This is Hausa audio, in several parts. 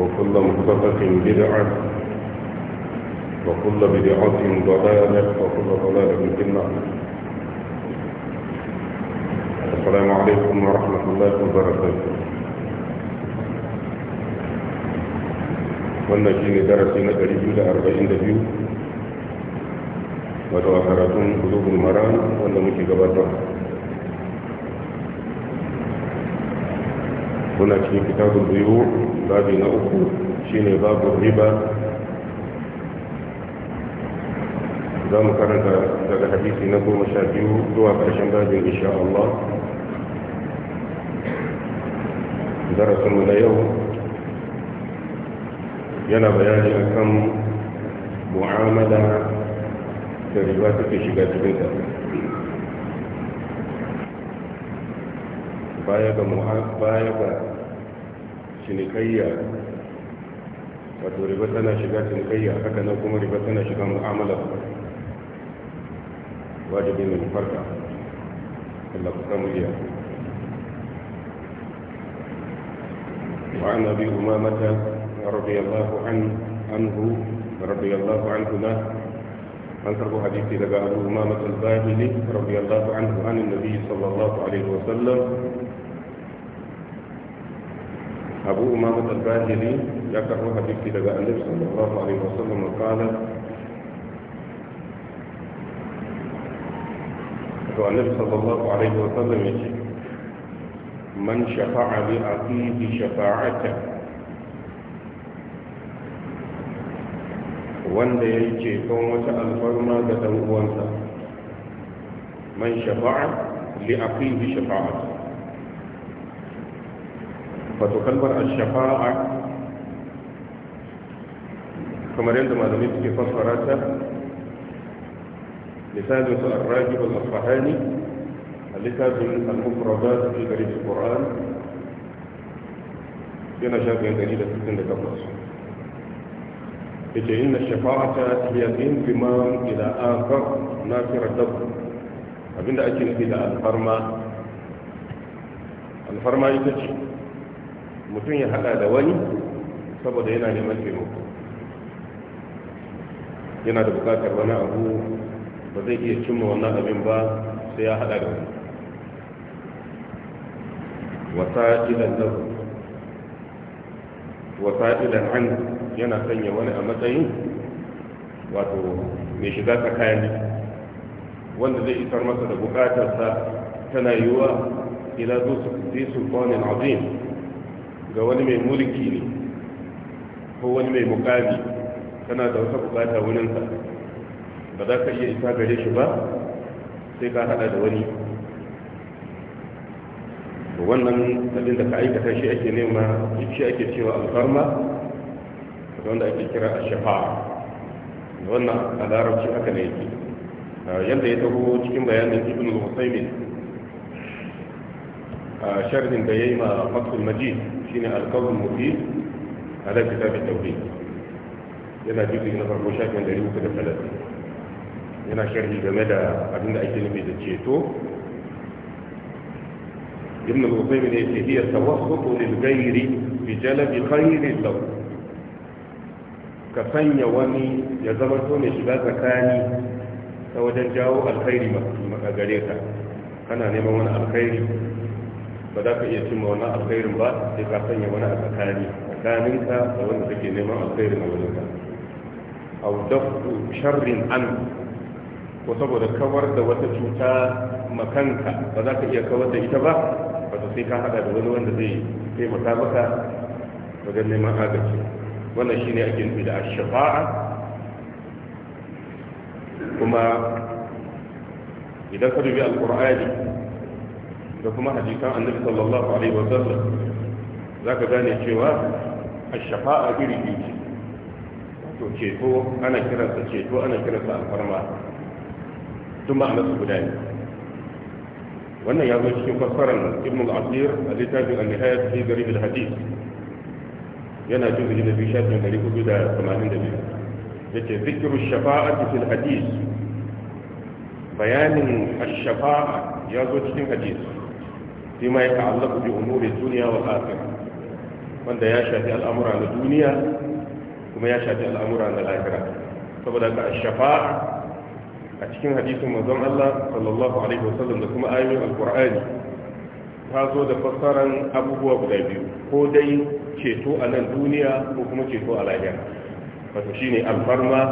وكل مختلف بدعة وكل بدعة ضلالة وكل ضلالة بالجنة السلام عليكم ورحمة الله وبركاته كنا في درسنا قريب إلى أربعين دبيو وتوحرتم قلوب المرام ونمشي قبضه هناك في كتاب البيوع babi na uku shine babu riba za mu karanta daga hadisi na goma sha biyu zuwa ƙarshen babin insha Allah darasinmu na yau yana bayani a kan mu'amala da riba take shiga cikinta baya ga cinikayya wato riba tana shiga cinikayya haka nan kuma riba tana shiga mu'amalar wajibi ne mu farka Allah ku samu iya وعن ابي امامه رضي الله عنه عنه رضي الله عنهما عن كرب حديث لقى ابو امامه الباهلي رضي الله عنه عن النبي صلى الله عليه وسلم abu umama al-bahili ya karbo hadisi daga annabi sallallahu alaihi wasallam qala to annabi sallallahu alaihi wasallam yace man shafa'a li aqihi wanda ya yi ceton wata alfarma ga ɗan'uwansa man shafa'a li aqihi shafa'ata wato kalmar ashafa'a kamar yadda malamai suke fassara ta misalin su arrajib al-asfahani a littafin al-mufradat fi garib al-qur'an yana shafin gari da sittin da takwas yake inna shafa'ata hiya al-intimam ila akhar nafira dabb abinda ake nufi da alfarma alfarma ita ce mutum ya hada da wani saboda yana neman taimako yana da bukatar wani abu ba zai iya cimma wannan abin ba sai ya hada da wani wasa'ilan lahu wasa'ilan an yana sanya wani a matsayin wato mai shiga tsakayen wanda zai isar masa da bukatarsa tana yiwuwa ila zuwa su fi abin. azim ga wani mai mulki ne ko wani mai mukami kana da wata bukata wurinsa ba za ka iya isa gare shi ba sai ka hada da wani wannan abin da ka aikata shi ake nema shi ake cewa alfarma wanda ake kira a shafa wannan a larabci haka ne yake yadda ya taho cikin bayanin ibn al-husaymin a sharhin da ya yi ma maksul majid shine alqawl mufid ala kitab at-tauhid yana jibi na farko shafin 330 yana sharhi game da abin da ake nufi da ceto ibn al-qayyim ne yake hiya tawassutu lil ghairi bi jalbi khairin lahu ka sanya wani ya zama to ne shiga tsakani ta wajen jawo alkhairi ma gare ka kana neman wani alkhairi ba za ka iya cimma wani alkhairin ba sai ka sanya wani a tsakani ka da wanda kake neman alkhairin a wajenka au dafu sharrin an ko saboda kawar da wata cuta makanka ba za ka iya kawar da ita ba wato sai ka hada da wani wanda zai taimaka maka wajen neman agaji wannan shine ake nufi da shafa'a kuma idan ka dubi alqur'ani da kuma hadisan annabi sallallahu alaihi wa sallam zaka gane cewa ash-shafa'a iri biyu to ceto ana kiransa ceto ana kiransa alfarma tun ma'ana su guda ne wannan ya zo cikin fassarar ibn al-asir a littafin al-nihayat fi garib al-hadith yana jin zuji na shafin ɗari hudu da tamanin da biyu da ke zikiru shafa'atu fil hadith bayanin ash-shafa'a ya zo cikin hadith fi ma ya ta'allaqu bi umuri dunya wal akhirah wanda ya shafi al'amura na duniya kuma ya shafi al'amura na lahira saboda ka shafa'a a cikin hadisin manzon Allah sallallahu alaihi wasallam da kuma ayoyin alqur'ani ta zo da fassaran abubuwa guda biyu ko dai ceto a nan duniya ko kuma ceto a lahira wato shine alfarma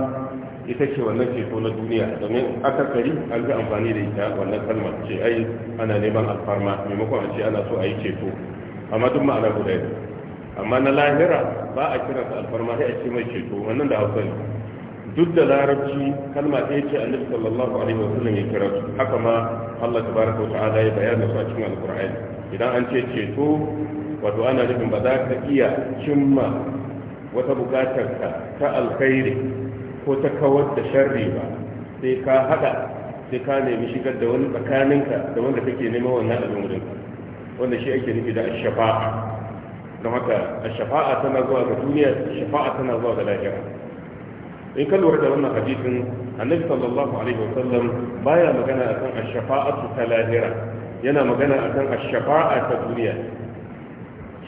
ita ce wannan ceto na duniya domin akasari an fi amfani da ita wannan kalma ce ai ana neman alfarma maimakon a ce ana so a yi ceto amma duk ma'ana guda ne amma na lahira ba a kiran sa alfarma sai a ce mai ceto wannan da hausa ne duk da larabci kalma ɗaya ce annabi sallallahu alaihi wa sallam ya kira su haka ma Allah ta tabaraka wa ta'ala ya da su a cikin alqur'ani idan an ce ceto wato ana nufin ba za ka iya cimma wata bukatar ta alkhairi ko ta kawar da sharri ba sai ka hada sai ka nemi shigar da wani tsakaninka da wanda kake neman wannan al'amarin wanda shi ake nufi da shafa'a don haka shafa'a tana zuwa ga duniya shafa'a tana zuwa ga lahira in ka lura da wannan hadisin annabi sallallahu alaihi wa sallam baya magana akan shafaatu ta lahira yana magana akan ash-shafa'a ta duniya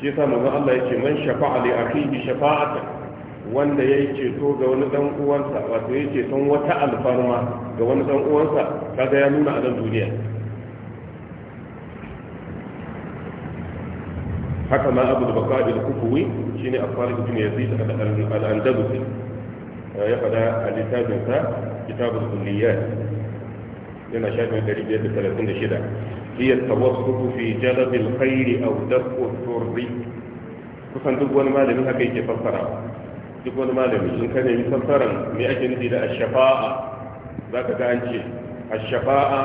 shi yasa manzon Allah yace man shafa'a li akhihi shafa'atan wanda ya yi ceto ga wani dan uwansa wato ya ceton wata alfarma ga wani dan uwansa kaga ya nuna a nan duniya haka ma abu da baka da kufuwi shine afalik bin yazid al-andalusi ya fada a littafinsa kitabun kitabul yana shafin dari biyar 536 hiya at-tawassutu fi jalb al-khair aw daf'u ad-durr kusan duk wani malami haka yake fassarawa duk wani malami in ka nemi fassarar me ake nufi da ashafa'a za ka ga an ce ashafa'a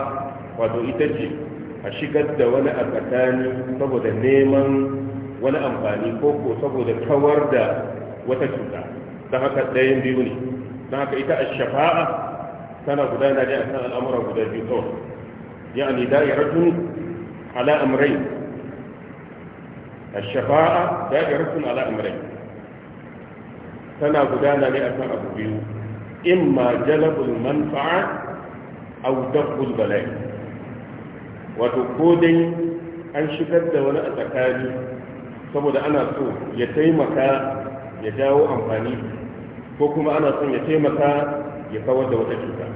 wato ita ce a shigar da wani a tsakani saboda neman wani amfani ko ko saboda kawar da wata cuta don haka ɗayan biyu ne don haka ita ashafa'a tana gudana ne a kan al'amura guda biyu kawai ya'ani da'iratun ala amrai الشفاعة دائرة على أمرين tana gudana ne a akan abu biyu in ma jalabul manfa'a aw daful bala'i wato ko dai an shigar da wani a tsakani saboda ana so ya taimaka ya jawo amfani ko kuma ana son ya taimaka ya kawar da wata cuta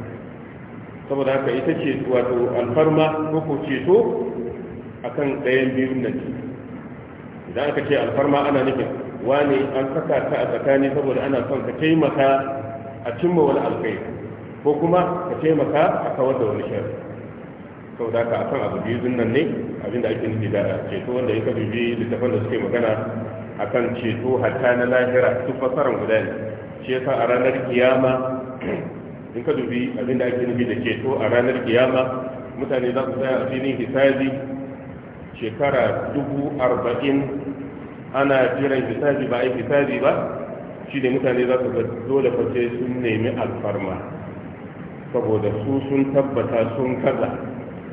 saboda haka ita ce wato alfarma ko ko ceto kan ɗayan biyun nan idan aka ce alfarma ana nufin wani an saka ta a tsakani saboda ana son ka taimaka a cimma wani alkhairi ko kuma ka taimaka a kawar da wani shari sau da ka akan abu biyu nan ne abinda ake nufi da ceto wanda ya kabi biyu littafin da suke magana akan ceto hatta na lahira duk fasaran guda ne shi yasa a ranar kiyama in ka dubi abinda ake nufi da ceto a ranar kiyama mutane za su tsaya a filin hisabi shekara dubu arba'in ana jiran hisabi ba a yi hisabi ba shi ne mutane za su dole face sun nemi alfarma saboda su sun tabbata sun kaza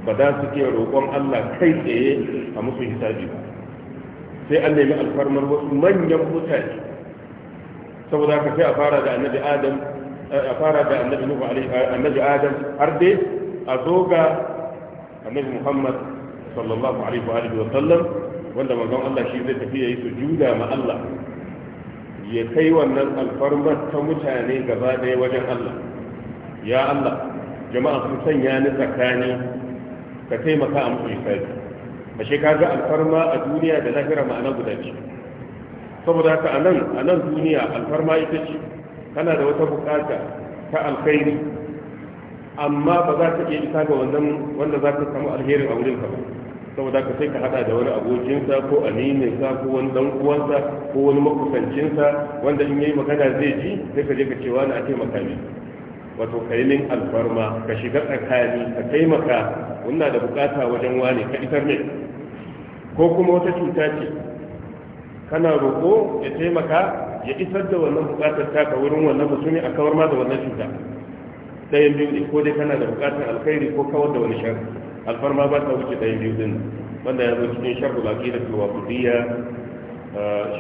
ba za su iya roƙon Allah kai tsaye a musu hisabi ba sai an nemi alfarmar wasu manyan mutane saboda haka sai a fara da annabi adam a fara da annabi nuhu annabi adam har dai a zo ga annabi muhammad sallallahu alaihi wa alihi wa sallam wanda manzon Allah shi zai tafi yayi sujuda ma Allah ya kai wannan alfarmar ta mutane gaba ɗaya wajen Allah ya Allah jama'a sun sanya ni tsakani ka taimaka a musu isabi a shekaru alfarma a duniya da lahira ma'ana guda ce saboda haka a nan duniya alfarma ita ce kana da wata bukata ta alkhairi amma ba za ka iya isa ga wannan wanda za ka samu alherin a wurin ka ba saboda ka sai ka hada da wani abokinsa ko sa ko wani dan uwansa ko wani makusancinsa wanda in yayi magana zai ji sai ka je ka cewa na taimaka ne wato kalimin alfarma ka shiga tsakani ka taimaka wannan da bukata wajen wane ka isar ne ko kuma wata cuta ce kana roƙo ya taimaka ya isar da wannan bukatar taka wurin wannan mutumi a kawar ma da wannan cuta ɗayan biyu ne ko dai kana da bukatar alkhairi ko kawar da wani shari'a. alfarma ba ta wuce ɗayan biyu din wanda ya zo cikin sharhul aqidatul wasitiyya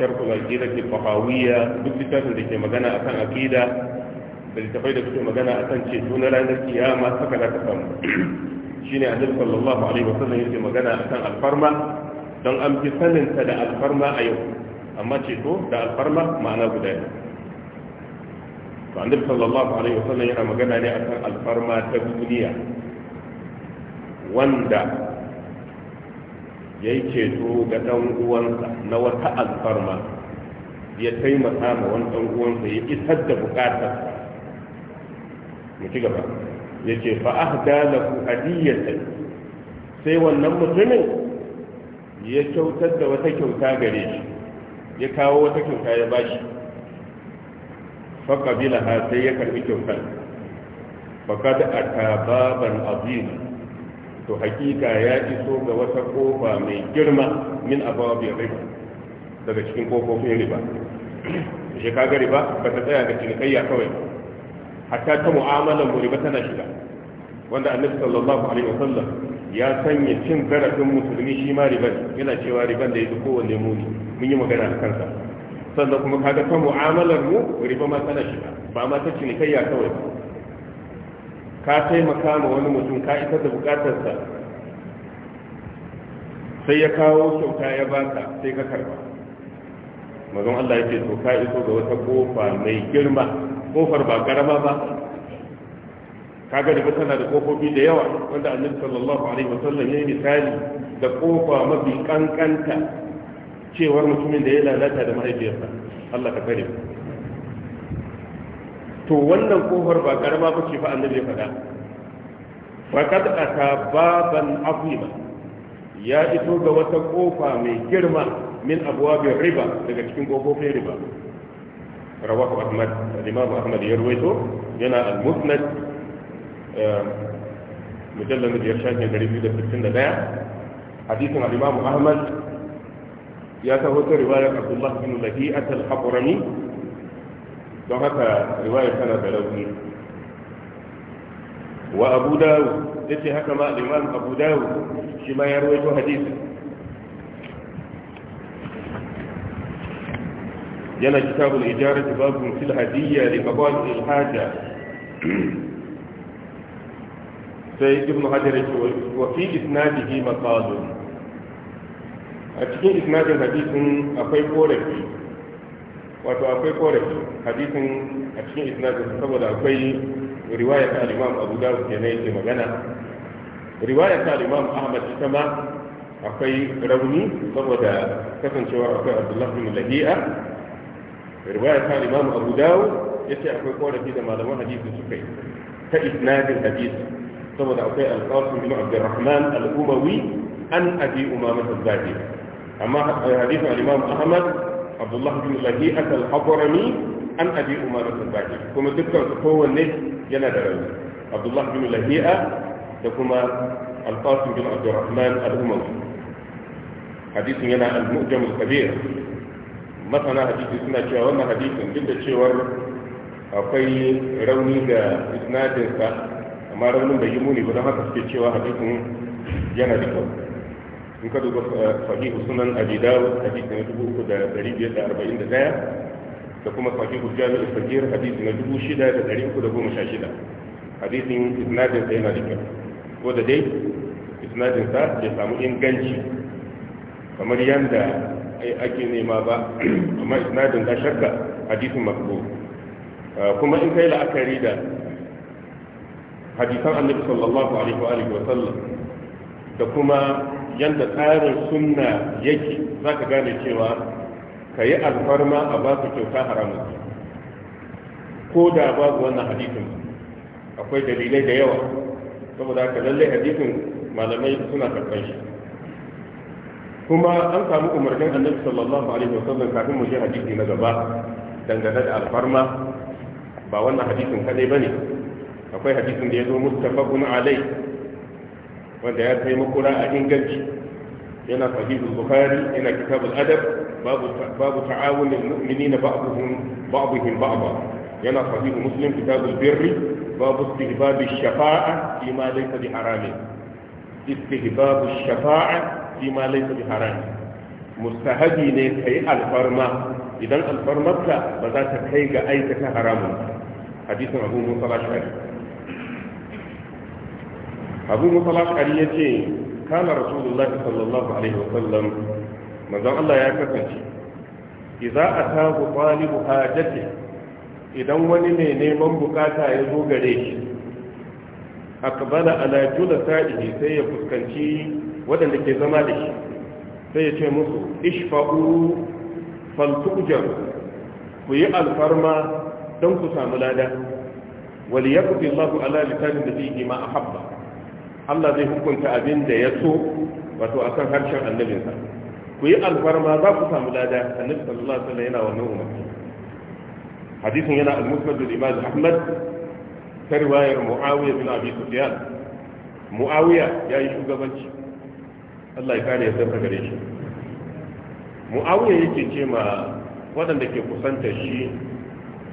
sharhul aqidatul fahawiyya duk littafin da ke magana akan aqida da littafai da suke magana akan ce na ranar kiyama saka za ka samu shine annabi sallallahu alaihi wa sallam yake magana akan alfarma don an fi sanin ta da alfarma a yau amma ce ceto da alfarma ma'ana guda ne to annabi sallallahu alaihi wa sallam yana magana ne akan alfarma ta duniya wanda ya yi ceto ga ɗan uwansa na wata alfarma ya taimaka ma wani ɗan uwansa ya isar da buƙatar mu ci gaba ya ce fa ahda hadiyyar hadiyatan sai wannan mutumin ya kyautar da wata kyauta gare shi ya kawo wata kyauta ya bashi fa qabila ha sai ya karbi kyautar a ta baban azim to hakika ya iso ga wata kofa mai girma min abawabin riba daga cikin kofofin riba shi kaga riba ba ta tsaya ga cinikayya kawai hatta ta mu'amalar mu riba tana shiga wanda annabi sallallahu alaihi wasallam ya sanya cin zarafin musulmi shi ma riban yana cewa riban da yake kowanne muni mun yi magana a kansa sannan kuma kaga ta mu'amalar mu riba ma tana shiga ba ma ta cinikayya kawai ba ka taimaka ma wani mutum ka isar da bukatarsa sai ya kawo kyauta ya baka sai ka karba mazan Allah ya ce to ka iso ga wata kofa mai girma kofar ba karama ba kaga da tana da kofofi da yawa wanda annabi sallallahu alaihi wasallam ya yi misali da kofa mafi kankanta cewar mutumin da ya lalata da mahaifiyarsa Allah ka kare to wannan kofar ba karama ba ce fa annabi ya faɗa faqad ata baban azima ya ito ga wata kofa mai girma min abwabir riba daga cikin kofofin riba rawahu ahmad al-imam ahmad ya ruwaito yana al-musnad eh, mujallal da da 261 hadisin al-imam ahmad ya taho ta riwayar abdullah bin lahi'at al-habrami don haka riwaya tana da rauni wa abu dawo dawud ce haka ma imam abu dawo shi ma ya rawaito hadisi yana kitabul ijarati babun fil hadiyya li qada'i al haja sai ibn hajar yake wa fi isnadihi maqadun a cikin isnadin hadisin akwai korafi wato akwai korafi hadisin a cikin isnadin saboda akwai riwaya ta al-imam abu dawud kenan yake magana riwaya ta al-imam ahmad ita ma akwai rauni saboda kasancewa akwai abdullahi bin lahiya riwaya ta al-imam abu dawud yace akwai korafi da malaman hadisi suka yi ta isnadin hadisi saboda akwai al-qasim bin abdurrahman al-umawi an abi umama az amma hadisin al-imam ahmad abdullah bin lahi'at al-habrami an abi umar al-bahili kuma dukkan su kowanne yana da rauni abdullah bin lahi'a da kuma al-qasim bin abdurrahman al-umawi hadisin yana al-mu'jam al-kabir masana hadisi suna cewa wannan hadisin duk da cewar akwai rauni ga isnadinsa amma raunin bai yi muni ba don haka cewa hadisin yana da in ka duba eh, sahihu sunan abi dawud hadisi na dubu uku da dari biyar da arba'in da ɗaya da kuma sahihu jami'u fakir hadisi na dubu shida da dari uku da goma sha shida hadisin isnadin sa yana da kyau ko da dai isnadin sa bai samu inganci kamar yadda ake nema ba amma isnadin da shakka hadisin makbu eh, kuma in kai la'akari da hadisan annabi sallallahu alaihi wa sallam da kuma yadda tsarin sunna yake za ka gane cewa ka yi alfarma a ba kyauta haramun ko da babu wannan hadisin akwai dalilai da yawa saboda haka lallai hadisin malamai suna karɓar shi kuma an samu umarnin annabi sallallahu alaihi wasallam kafin mu je hadisi na gaba dangane da alfarma ba wannan hadisin kadai bane akwai hadisin da ya zo muttafaqun alai wanda ya kai makura a inganci yana sahihul bukhari yana kitabul adab babu babu ta'awunil mu'minina ba'dhum ba'dhum ba'dha yana sahihu muslim kitabul birri babu istihbabi shafa'a fi ma laysa bi harami istihbabu shafa'a fi ma laysa bi harami mustahabi ne kai alfarma idan alfarmarka ba za ta kai ga aikata haramun hadisin abu musa al-ashari abu mutalaq ali yace kana rasulullahi sallallahu alaihi wa sallam manzon Allah ya kasance idza atahu talibu hajati idan wani ne neman bukata ya zo gare shi akbala ala julasa'ihi sai ya fuskanci waɗanda ke zama da shi sai ya ce musu ishfa'u faltujar ku yi alfarma don ku samu lada wali ya kuɗi ala lisanin da zai ma a habba Allah zai hukunta abin da ya so wato a kan harshen annabinsa ku yi alfarma za ku samu lada annabi sallallahu alaihi wasallam yana wannan umarni hadisin yana al-musnad da imam Ahmad ta riwayar Muawiya bin Abi Sufyan Muawiya ya yi shugabanci Allah ya kare yadda gare shi Muawiya yake ce ma waɗanda ke kusanta shi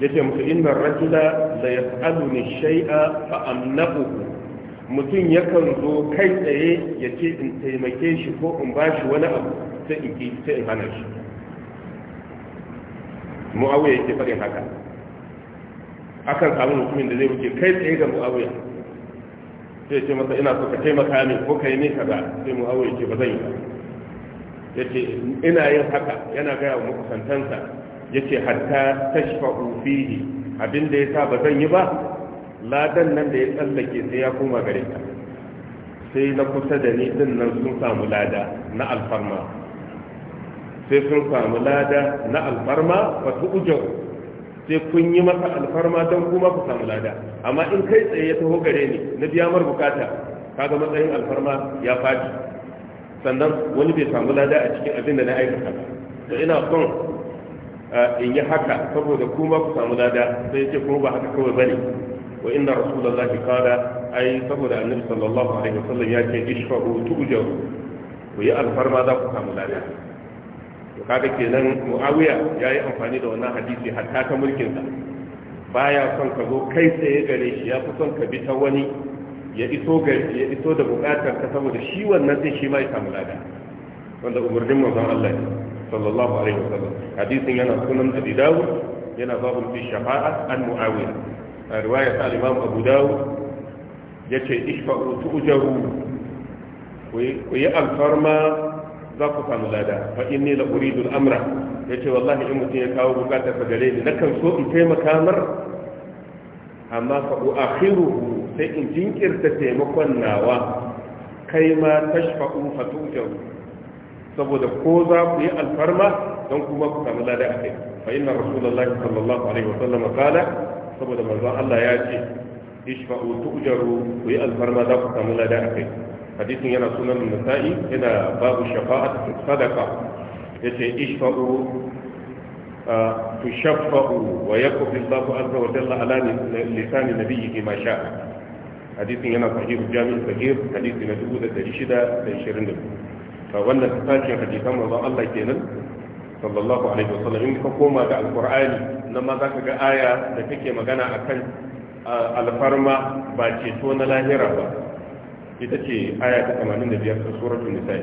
yake musu inna rajula la yas'aluni shay'a fa amnahu mutum yakan zo kai tsaye ya ce in taimake shi ko in ba shi wani abu sai in sai in hana shi ya yake faɗin haka akan samu mutumin da zai wuce kai tsaye ga mu'awiya sai ce masa ina suka ka taimaka min ko kai ne kaza sai mu'awiya ce ba zan yi ya yace ina yin haka yana gaya wa makusantansa yace hatta tashfa'u fihi abinda sa ba zan yi ba ladan nan da ya tsallake sai ya koma gare ta sai na kusa da ni din nan sun samu lada na alfarma sai sun samu lada na alfarma su ujar sai kun yi masa alfarma don kuma ku samu lada amma in kai tsaye ya taho gare ni na biya mar bukata kaga matsayin alfarma ya faɗi sannan wani bai samu lada a cikin abin da na aikata ba to ina son eh, in yi haka saboda kuma ku samu lada sai ce kuma ba haka kawai bane wa inna rasulullahi qala ai saboda annabi sallallahu alaihi wasallam ya ce ishfa'u tujaru ku yi alfarma za ku samu lada to kaga kenan muawiya yayi amfani da wannan hadisi hatta ta mulkin sa baya son ka zo kai tsaye gare shi ya fi son ka bi ta wani ya iso gari ya iso da bukatar ka saboda shi wannan din shi ma ya samu lada wanda umarnin manzon Allah sallallahu alaihi wasallam hadisin yana sunan Abi Dawud yana babun fi shafa'a an Muawiya a riwaya ta abu dawud ya ce ishfa'u tu'jaru ku yi alfarma za ku samu lada fa inni la uridu al-amra yace wallahi in mutum ya kawo bukatar sa gare ni nakan so in taimaka mar amma fa uakhiruhu sai in jinkirta taimakon nawa kai ma tashfa'u fa tu'jaru saboda ko za ku yi alfarma don kuma ku samu lada a kai fa inna rasulullahi sallallahu alaihi wa sallam qala saboda manzon Allah ya ce ishfa'u tu'jaru ku yi alfarma za ku samu lada a kai hadisin yana sunan nisa'i yana babu shafa'at sadaqa yace ishfa'u tushaffa'u wa yaqfu Allahu azza wa jalla ala lisan nabiyhi ma sha'a hadisin yana sahih jami'in sahih hadisi na 1622 wannan tashin hadisan manzon Allah kenan sallallahu alaihi wasallam in ka koma ga alkur'ani nan ma zaka ga aya da take magana akan alfarma ba ceto na lahira ba ita ce aya ta 85 ta suratul nisa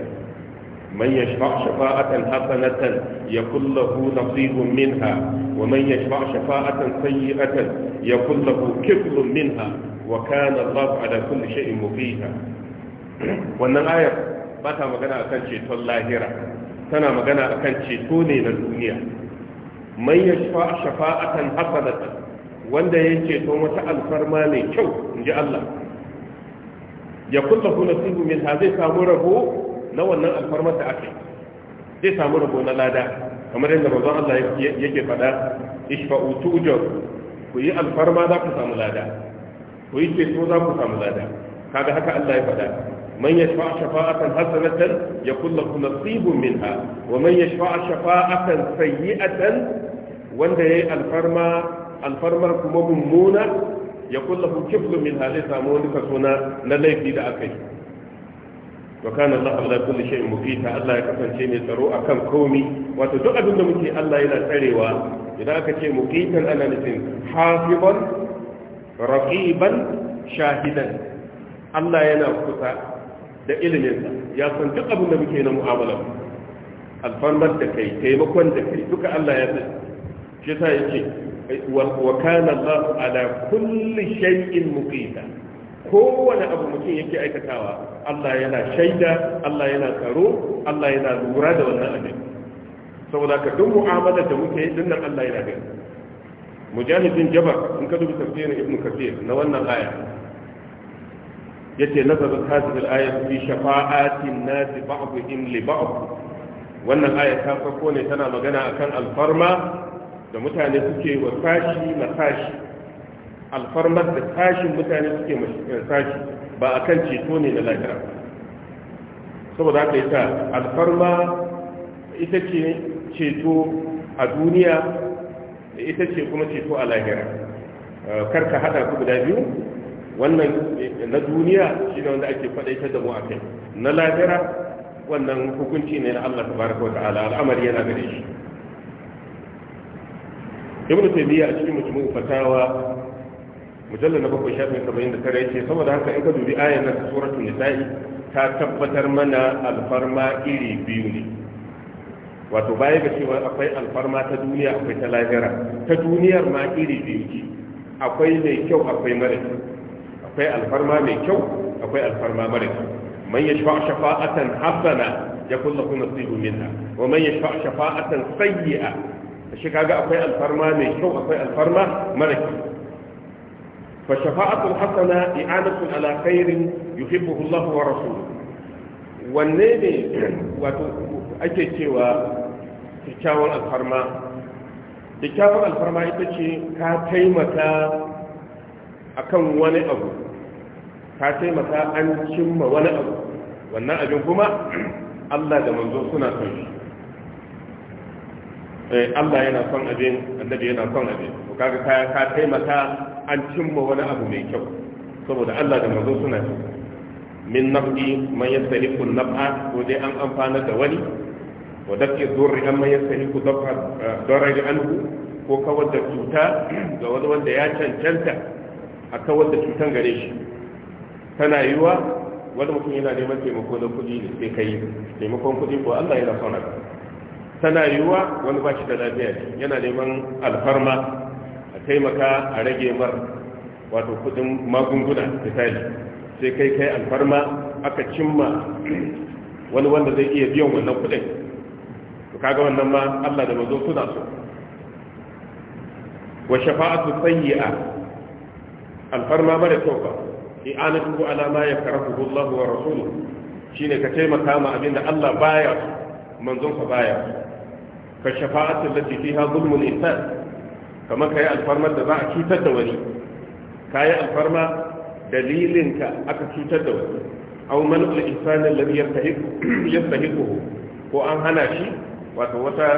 من يشفع شفاعة حسنة يكن له نصيب منها ومن يشفع شفاعة سيئة يكن له كفل منها وكان الله على كل شيء مقيتا wannan aya ba ta magana akan ceton lahira tana magana akan ceto ne na duniya ya yashfa shafa'atan hasanatan wanda ya ceto wata alfarma ne kyau inji Allah ya kunta kuna sibu min ha zai samu rabo na wannan alfarma da ake zai samu rabo na lada kamar yadda manzon Allah yake faɗa ishfa'u tujar ku yi alfarma za ku samu lada ku yi ceto za ku samu lada kaga haka Allah ya faɗa من يشفع شفاعة حسنة يكون له نصيب منها ومن يشفع شفاعة سيئة wanda ya yi alfarmar kuma mummuna ya kulla kiflu min halai samu wani kaso na laifi da aka yi wa kana Allah ala kulli shay'in muqita Allah ya kasance mai tsaro akan komi wato duk abin da muke Allah yana tsarewa idan aka ce muqitan ana hafiban raqiban shahidan Allah yana kusa da iliminsa ya san duk abin da muke na mu'amala alfarmar da kai taimakon da kai duka Allah ya san shi yasa yace wa kana Allah ala kulli shay'in muqita kowane abu mutum yake aikatawa Allah yana shaida Allah yana tsaro Allah yana lura da wannan abin saboda ka duk mu'amala da muke yi dinnan Allah yana gani mujahidin jabar in ka dubi tafsirin ibnu kathir na wannan aya yace nazarin hadhihi al-ayat fi shafa'atin nas ba'dhum li ba'd wannan aya ta farko ne tana magana akan alfarma da mutane suke wa sashi masashi alfarmar da tashin mutane suke masashi ba akan ceto ne na lahira saboda haka yasa alfarma ita ce ceto a duniya ita ce kuma ceto a lahira karka hada ku guda biyu wannan eh, na duniya shi ne wanda ake faɗaitar da mu a kai na lahira wannan hukunci ne na Allah tabaraka wa ta'ala al'amari yana gare shi ibnu taymiya a cikin mutumin fatawa mujallal na bakwai shafin saba'in da tare yace saboda haka in ka dubi ayan nan suratul nisa'i ta tabbatar mana alfarma iri biyu ne wato baya ga cewa akwai alfarma ta duniya akwai ta lahira ta duniyar ma iri biyu ce akwai mai kyau akwai mara kyau akwai alfarma mai kyau akwai alfarma mara kyau man ya yashfa shafa'atan hasana yakun lahu nasibun minha wa man ya yashfa shafa'atan sayyi'a shi kaga akwai alfarma mai kyau akwai alfarma mara kyau fa shafa'atul hasana i'anatun ala khairin yuhibbuhu Allah wa rasuluhu wanne ne wato ake cewa kyakkyawan alfarma kyakkyawan alfarma ita ce ka taimaka akan wani abu ka taimaka an cimma wani abu wannan abin kuma Allah da manzo suna son shi eh Allah yana son abin annabi yana son abin to kaga ka ka taimaka an cimma wani abu mai kyau saboda Allah da manzo suna son min nafsi man yastaliqu an-naf'a ko dai an amfana da wani wa dafi dhurri man yastaliqu dafa eh, daraja anhu ko kawar da cuta ga wani wanda ya cancanta a kawar da cutan gare shi tana yiwa wani mutum yana neman taimako na kuɗi da sai kai taimakon kuɗi ko Allah yana son haka tana yiwa wani ba shi da lafiya ne yana neman alfarma a taimaka a rage mar wato kuɗin magunguna misali sai kai kai alfarma aka cimma wani wanda zai iya biyan wannan kuɗin to kaga wannan ma Allah da mazo suna so wa shafa'atu sayyi'a alfarma mara kyau ba i'anatuhu ala ma yakrahu Allah wa rasuluhu shine ka taimaka ma abinda Allah baya manzon ka baya ka shafa'atu allati fiha zulmun insan kamar kai alfarmar da za a cutar da wani kai alfarma dalilin ka aka cutar da wani aw man al-insan alladhi yastahiqu yastahiquhu ko an hana shi wato wata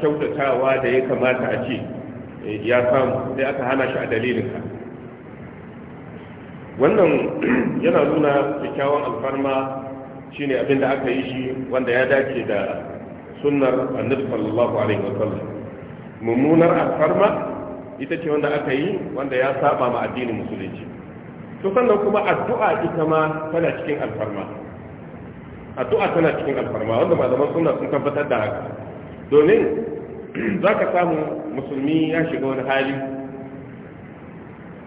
kyautatawa da ya kamata a ce eh, ya samu sai aka hana shi a dalilin ka wannan yana nuna kyakkyawan alfarma shine abin da aka yi shi wanda ya dace da sunnar annabi sallallahu alaihi sallam mummunar alfarma ita ce wanda aka yi wanda ya saba ma addinin musulunci to sannan kuma addu'a ita ma tana cikin alfarma addu'a tana cikin alfarma wanda malaman sunna sun tabbatar da haka domin zaka samu musulmi ya shiga wani hali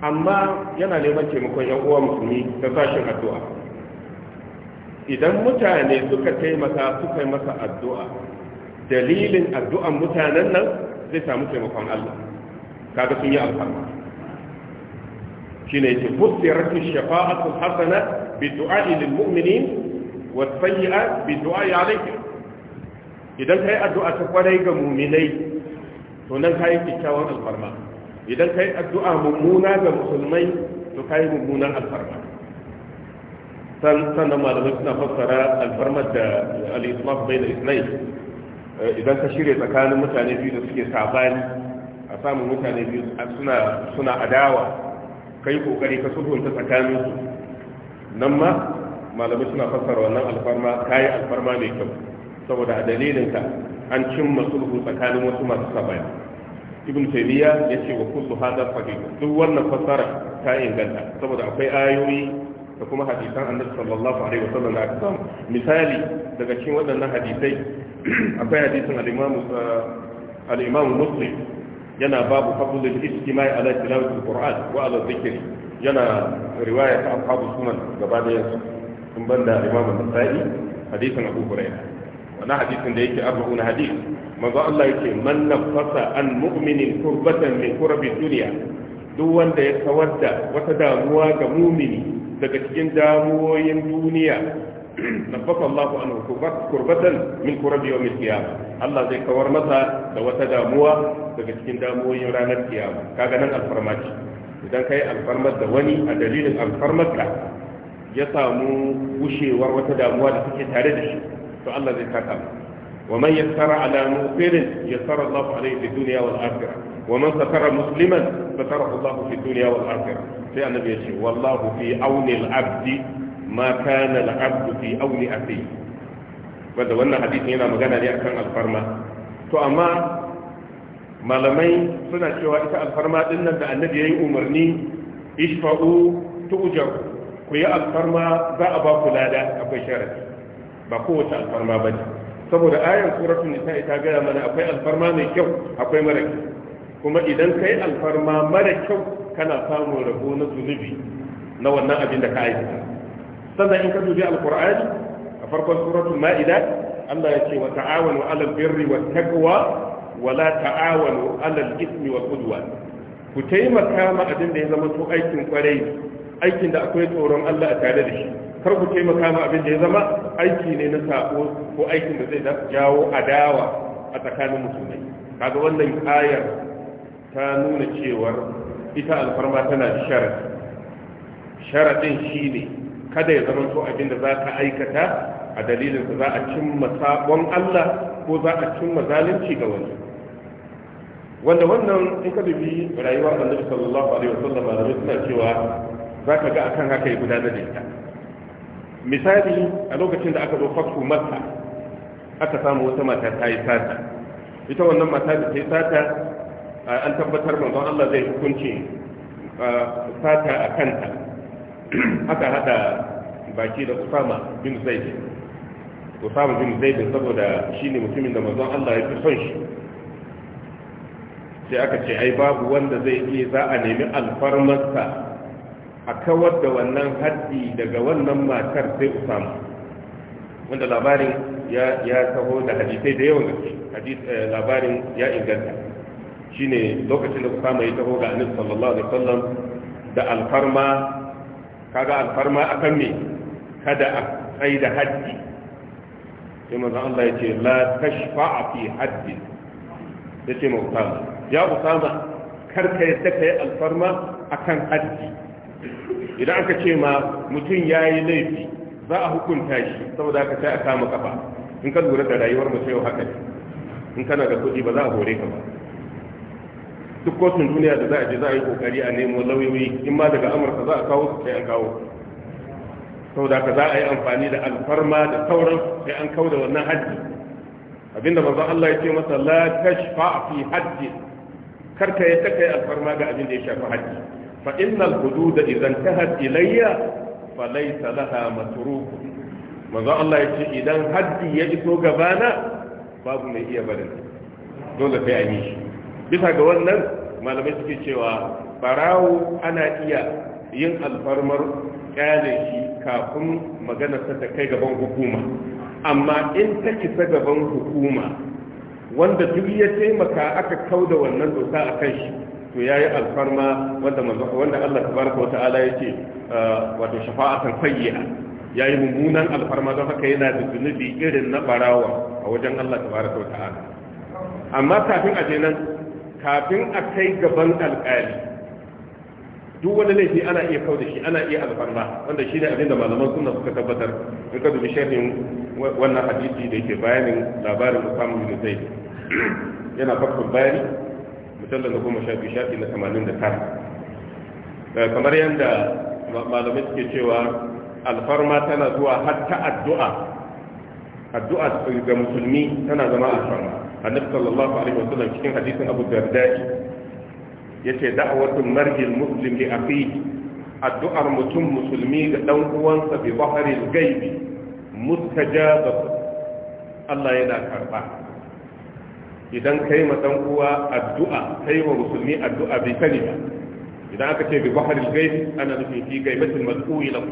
amma yana neman taimakon yan uwa musulmi da sashen addu'a idan mutane suka taimaka suka yi masa addu'a dalilin addu'an mutanen nan zai samu taimakon Allah kaga sun yi alfarma shine yake fusiratu shafa'atu hasana bi du'a'i lil mu'minin wa sayyi'a bi du'a'i alayhi idan kai addu'a ta kwarai ga mu'minai to nan kai kikkiawan alfarma idan yi addu'a mummuna ga musulmai to yi mummunan alfarma sannan malamai suna fassara alfarmar da al bai da isnai idan ka shirya tsakanin mutane biyu da suke sabani a samun mutane biyu suna adawa. Ka kai kokari ka sulhunta tsakanin su nan ma malamai suna fassara wannan alfarma yi alfarma mai kyau saboda a dalilinka an cimma sulhu tsakanin wasu masu sabani ibn taymiya ya ce wa kullu hada sahih duk wannan fasara ta inganta saboda akwai ayoyi da kuma hadisan annabi sallallahu alaihi wasallam da aka samu misali daga cikin waɗannan hadisai akwai hadisin al-imam uh, al-imam muslim yana babu fadlul ijtima'i ala tilawati al-qur'an wa ala dhikri yana riwaya ta ashabu sunan gaba da yansu kun banda imam an-nasa'i hadisin abu hurairah wannan hadisin da yake arba'un hadis manzo Allah yake man nafasa an mu'minin kurbatan min kurabi duniya duk wanda ya kawar da wata damuwa ga mumini daga cikin damuwoyin duniya nafasa Allahu anhu kurbatan min kurabi yawmil qiyamah Allah zai kawar masa da wata damuwa daga cikin damuwoyin ranar kiyama kaga nan alfarmaci idan kai alfarmar da wani a dalilin alfarmarka ya samu wushewar wata damuwa da take tare da shi to Allah zai saka ومن يسر على مؤثر يسر الله عليه في الدنيا والآخرة ومن ستر مسلما ستره الله في الدنيا والآخرة في النبي يشير والله في عون العبد ما كان العبد في عون أخيه wanda wannan hadisi yana magana ne akan alfarma to amma malamai suna cewa ita alfarma din nan da annabi yi umarni ishfa'u tu'jar ku yi alfarma za a ba ku lada akwai sharadi ba kowace alfarma ba ne saboda ayan suratul nisa ta gaya mana akwai alfarma mai kyau akwai mara kyau kuma idan yi alfarma mara kyau kana samun rabo na zunubi na wannan abin da ka aikata sannan in ka dubi alkur'ani a farkon suratul ma'ida Allah ya ce wa ta'awanu 'alal birri wa taqwa wa la ta'awanu 'alal ithmi wa udwan ku taimaka ma abin da ya zama to aikin kwarai aikin da akwai tsoron Allah a tare da shi kar ku taimaka abin da ya zama aiki ne na sako ko aikin da zai jawo adawa a tsakanin musulmai kaga wannan ayar ta nuna cewa ita alfarma tana da sharadi sharadin shine kada ya zama to abin da za ka aikata a dalilin za a cimma sabon Allah ko za a cimma zalunci ga wani wanda wannan in ka dubi rayuwar annabi sallallahu alaihi wasallam da suna cewa za ga akan haka ya gudanar da ita misali a lokacin da aka zo fakku mata, aka samu wata mata ta yi sata ita wannan mata da ta yi sata an tabbatar manzon Allah zai hukunci sata a kanta aka hada baki da Usama bin Zaid Usama bin Zaid saboda shine mutumin da manzon Allah ya fi son shi sai aka ce ai babu wanda zai iya za a nemi alfarmarsa a kawar da wannan haddi daga wannan matar sai usama wanda labarin ya taho da hadisai da yawan gaske eh, labarin ya inganta shine lokacin da usama ya taho ga annabi sallallahu alaihi wasallam da alfarma kaga alfarma akan me kada a tsaye da haddi sai manzo Allah ya ce la a fi haddi Ya ce ma usama ya usama karka yadda kai alfarma akan haddi idan aka ce ma mutum ya yi laifi za a hukunta shi saboda aka sai a kama kafa in ka lura da rayuwar mu yau haka ne in kana da kuɗi ba za a hore ka ba duk kotun duniya da za a je za a yi kokari a nemo lauyoyi in ma daga amurka za a kawo su sai an kawo saboda ka za a yi amfani da alfarma da sauran sai an kawo da wannan hajji abinda manzon Allah ya ce masa la tashfa fi hajji karka ya take alfarma ga abin da ya shafi hajji fa innal hudud idan tahat ilayya falaysa laha matruk manzo Allah yace idan haddi ya iso gabana babu mai iya barin dole sai an yi shi bisa ga wannan malamai suke cewa barawo ana iya yin alfarmar kyale shi kafin magana ta kai gaban hukuma amma in ta isa gaban hukuma wanda duk ya taimaka aka kau da wannan dosa a kan shi to yayi alfarma wanda wanda Allah tabaraka wataala yake uh, wato shafa'atan ya yi mummunan alfarma don haka yana da zunubi irin na barawa a wajen Allah tabaraka ta'ala amma kafin a je nan kafin a kai gaban alƙali duk wani laifi ana iya kau da shi ana iya alfarma wanda shi ne abin da malaman sunna suka tabbatar in ka dubi sharhin wannan hadisi da yake bayanin labarin musamman bin zaid yana fakkar bayani mujalla na goma sha biyu shafi na tamanin da tara eh, kamar yadda malamai suke cewa alfarma tana zuwa hatta addu'a addu'a ga musulmi tana zama alfarma annabi sallallahu alaihi wasallam cikin hadisin abu dardai yace da'watul mar'il muslim li akhihi addu'ar mutum musulmi ga dan uwansa bi bahril gaibi mustajaba Allah yana karba idan kai ma dan uwa addu'a ka yi wa musulmi addu'a bai sani ba idan aka ce bi baharil gaibi ana nufin fi gaibatin mas'uli lahu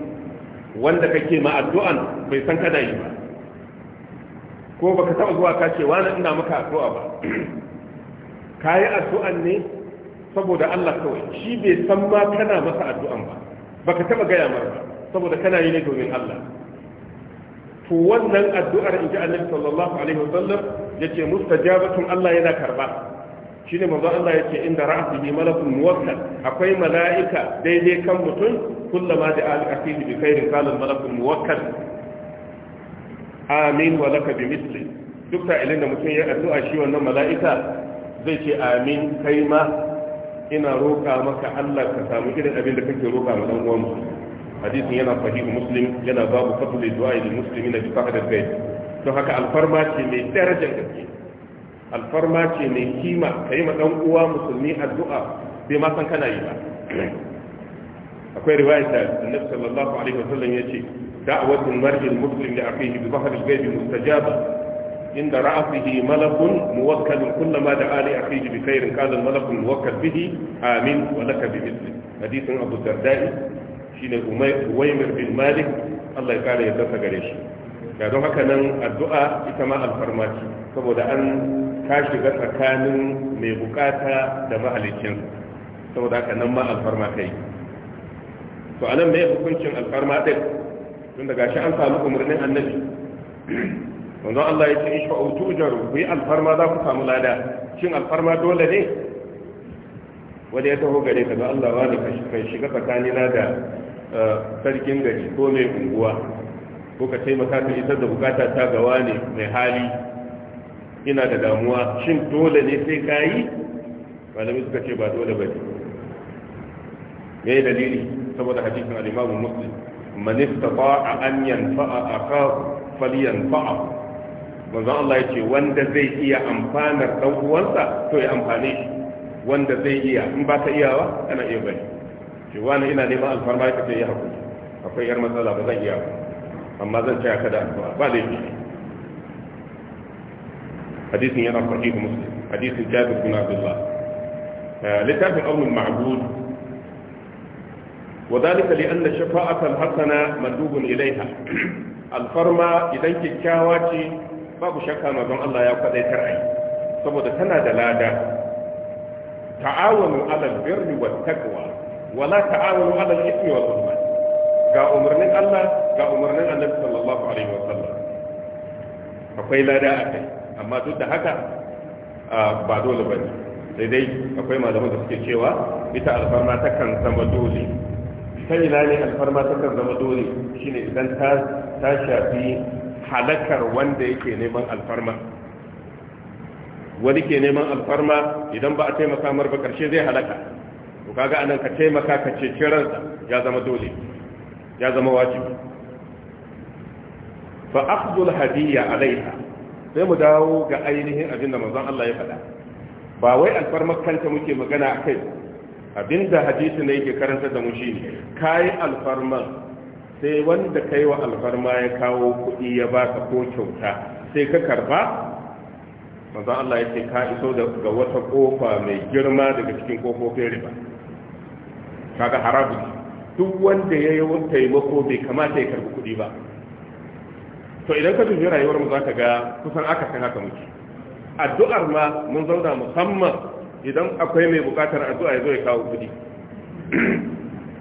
wanda kake ma addu'an bai san kana yi ba ko baka taba zuwa ka ce wani ina maka addu'a ba Ka yi addu'an ne saboda Allah kawai shi bai san ma kana masa addu'an ba baka taba gaya mara ba. saboda kana yi ne domin Allah to wannan addu'ar in ji annabi sallallahu alaihi wasallam yace mustajabatun Allah yana karba shine manzo Allah yace inda ra'sihi malakun muwakkal akwai mala'ika daidai kan mutum kullama da al-akhihi bi khairin qala malakun muwakkal amin wa laka bi misli duk sa'ilin da mutum ya addu'a shi wannan mala'ika zai ce amin kai ma ina roƙa maka Allah ka samu irin abin da kake roƙa ma dan uwan mutum hadisin yana sahihu muslim yana babu fatul du'a lil muslimin bi fahadil ghaib To haka alfarma ce mai darajar gaske alfarma ce mai kima kai ma dan uwa musulmi addu'a bai ma san kana yi ba akwai riwaya da annabi sallallahu alaihi wasallam yace da'watul mar'il muslim li akhihi bi fahadil ghaib mustajaba عند رأسه ملك موكل كلما دعا لأخيه بخير قال الملك الموكل به آمين bi بمثله حديث Abu الدرداء shine umaymir bin malik Allah ya kare yadda gare shi ga don haka nan addu'a ita ma alfarmaci saboda an ka shiga tsakanin mai bukata da mahalicin saboda haka nan ma alfarma kai to anan mai hukuncin alfarma din tun daga shi an samu umarnin annabi wanda Allah ya ce ishfa utujaru ku yi alfarma za ku samu lada shin alfarma dole ne wanda ya taho gare ka ga Allah wani kan shiga tsakanina da sarkin gari ko mai unguwa ko ka taimaka ka isar da bukata ta gawa ne mai hali ina da damuwa shin dole ne sai ka yi malami suka ce ba dole ba ne me dalili saboda hadisin al-imamu muslim man istata'a an yanfa'a akahu falyanfa'a manzo Allah ya wanda zai iya amfanar dan uwansa to ya amfane shi wanda zai iya in ba ka iyawa kana iya bane ce wani ina nema alfarma ya kace ya hakuri akwai yar matsala ba zan iya ba amma zan taya ka da addu'a ba laifi hadisin yana sahih muslim hadisin jabir bin abdullah eh, littafin aulul ma'bud وذلك لأن الشفاعة الحسنة مندوب إليها الفرما إذا كيكاواتي باب شكا ما دون الله يوقع ذي ترعي سبو تنا دلادة تعاونوا على البر والتقوى wala ta'awunu ala al-ithmi wal udwan ga umurnin Allah ga umurnin Annabi sallallahu alaihi sallam akwai lada a kai amma duk da haka ba dole ba sai dai akwai malaman da suke cewa ita alfarma ta kan zama dole ta ina ne alfarma ta kan zama dole shine idan ta ta shafi halakar wanda yake neman alfarma wani ke neman alfarma idan ba a taimaka mar ba karshe zai halaka to kaga anan ka taimaka ka ceci ransa ya zama dole ya zama wajibi fa akhdhu hadiyya alaiha sai mu dawo ga ainihin abinda manzon Allah ya faɗa ba wai alfarmar kanta muke magana akai abinda hadisi ne yake karanta da mu shine kai alfarmar sai wanda kai wa alfarma ya kawo kuɗi ya baka ko kyauta sai ka karba manzon Allah yake ka iso ga wata kofa mai girma daga cikin kofofin riba kaga harabu duk wanda ya yi wani taimako bai kamata ya karbi kuɗi ba to idan ka dubi rayuwar mu za ka ga kusan aka san haka muke addu'ar ma mun zauna musamman idan akwai mai bukatar addu'a ya zo ya kawo kuɗi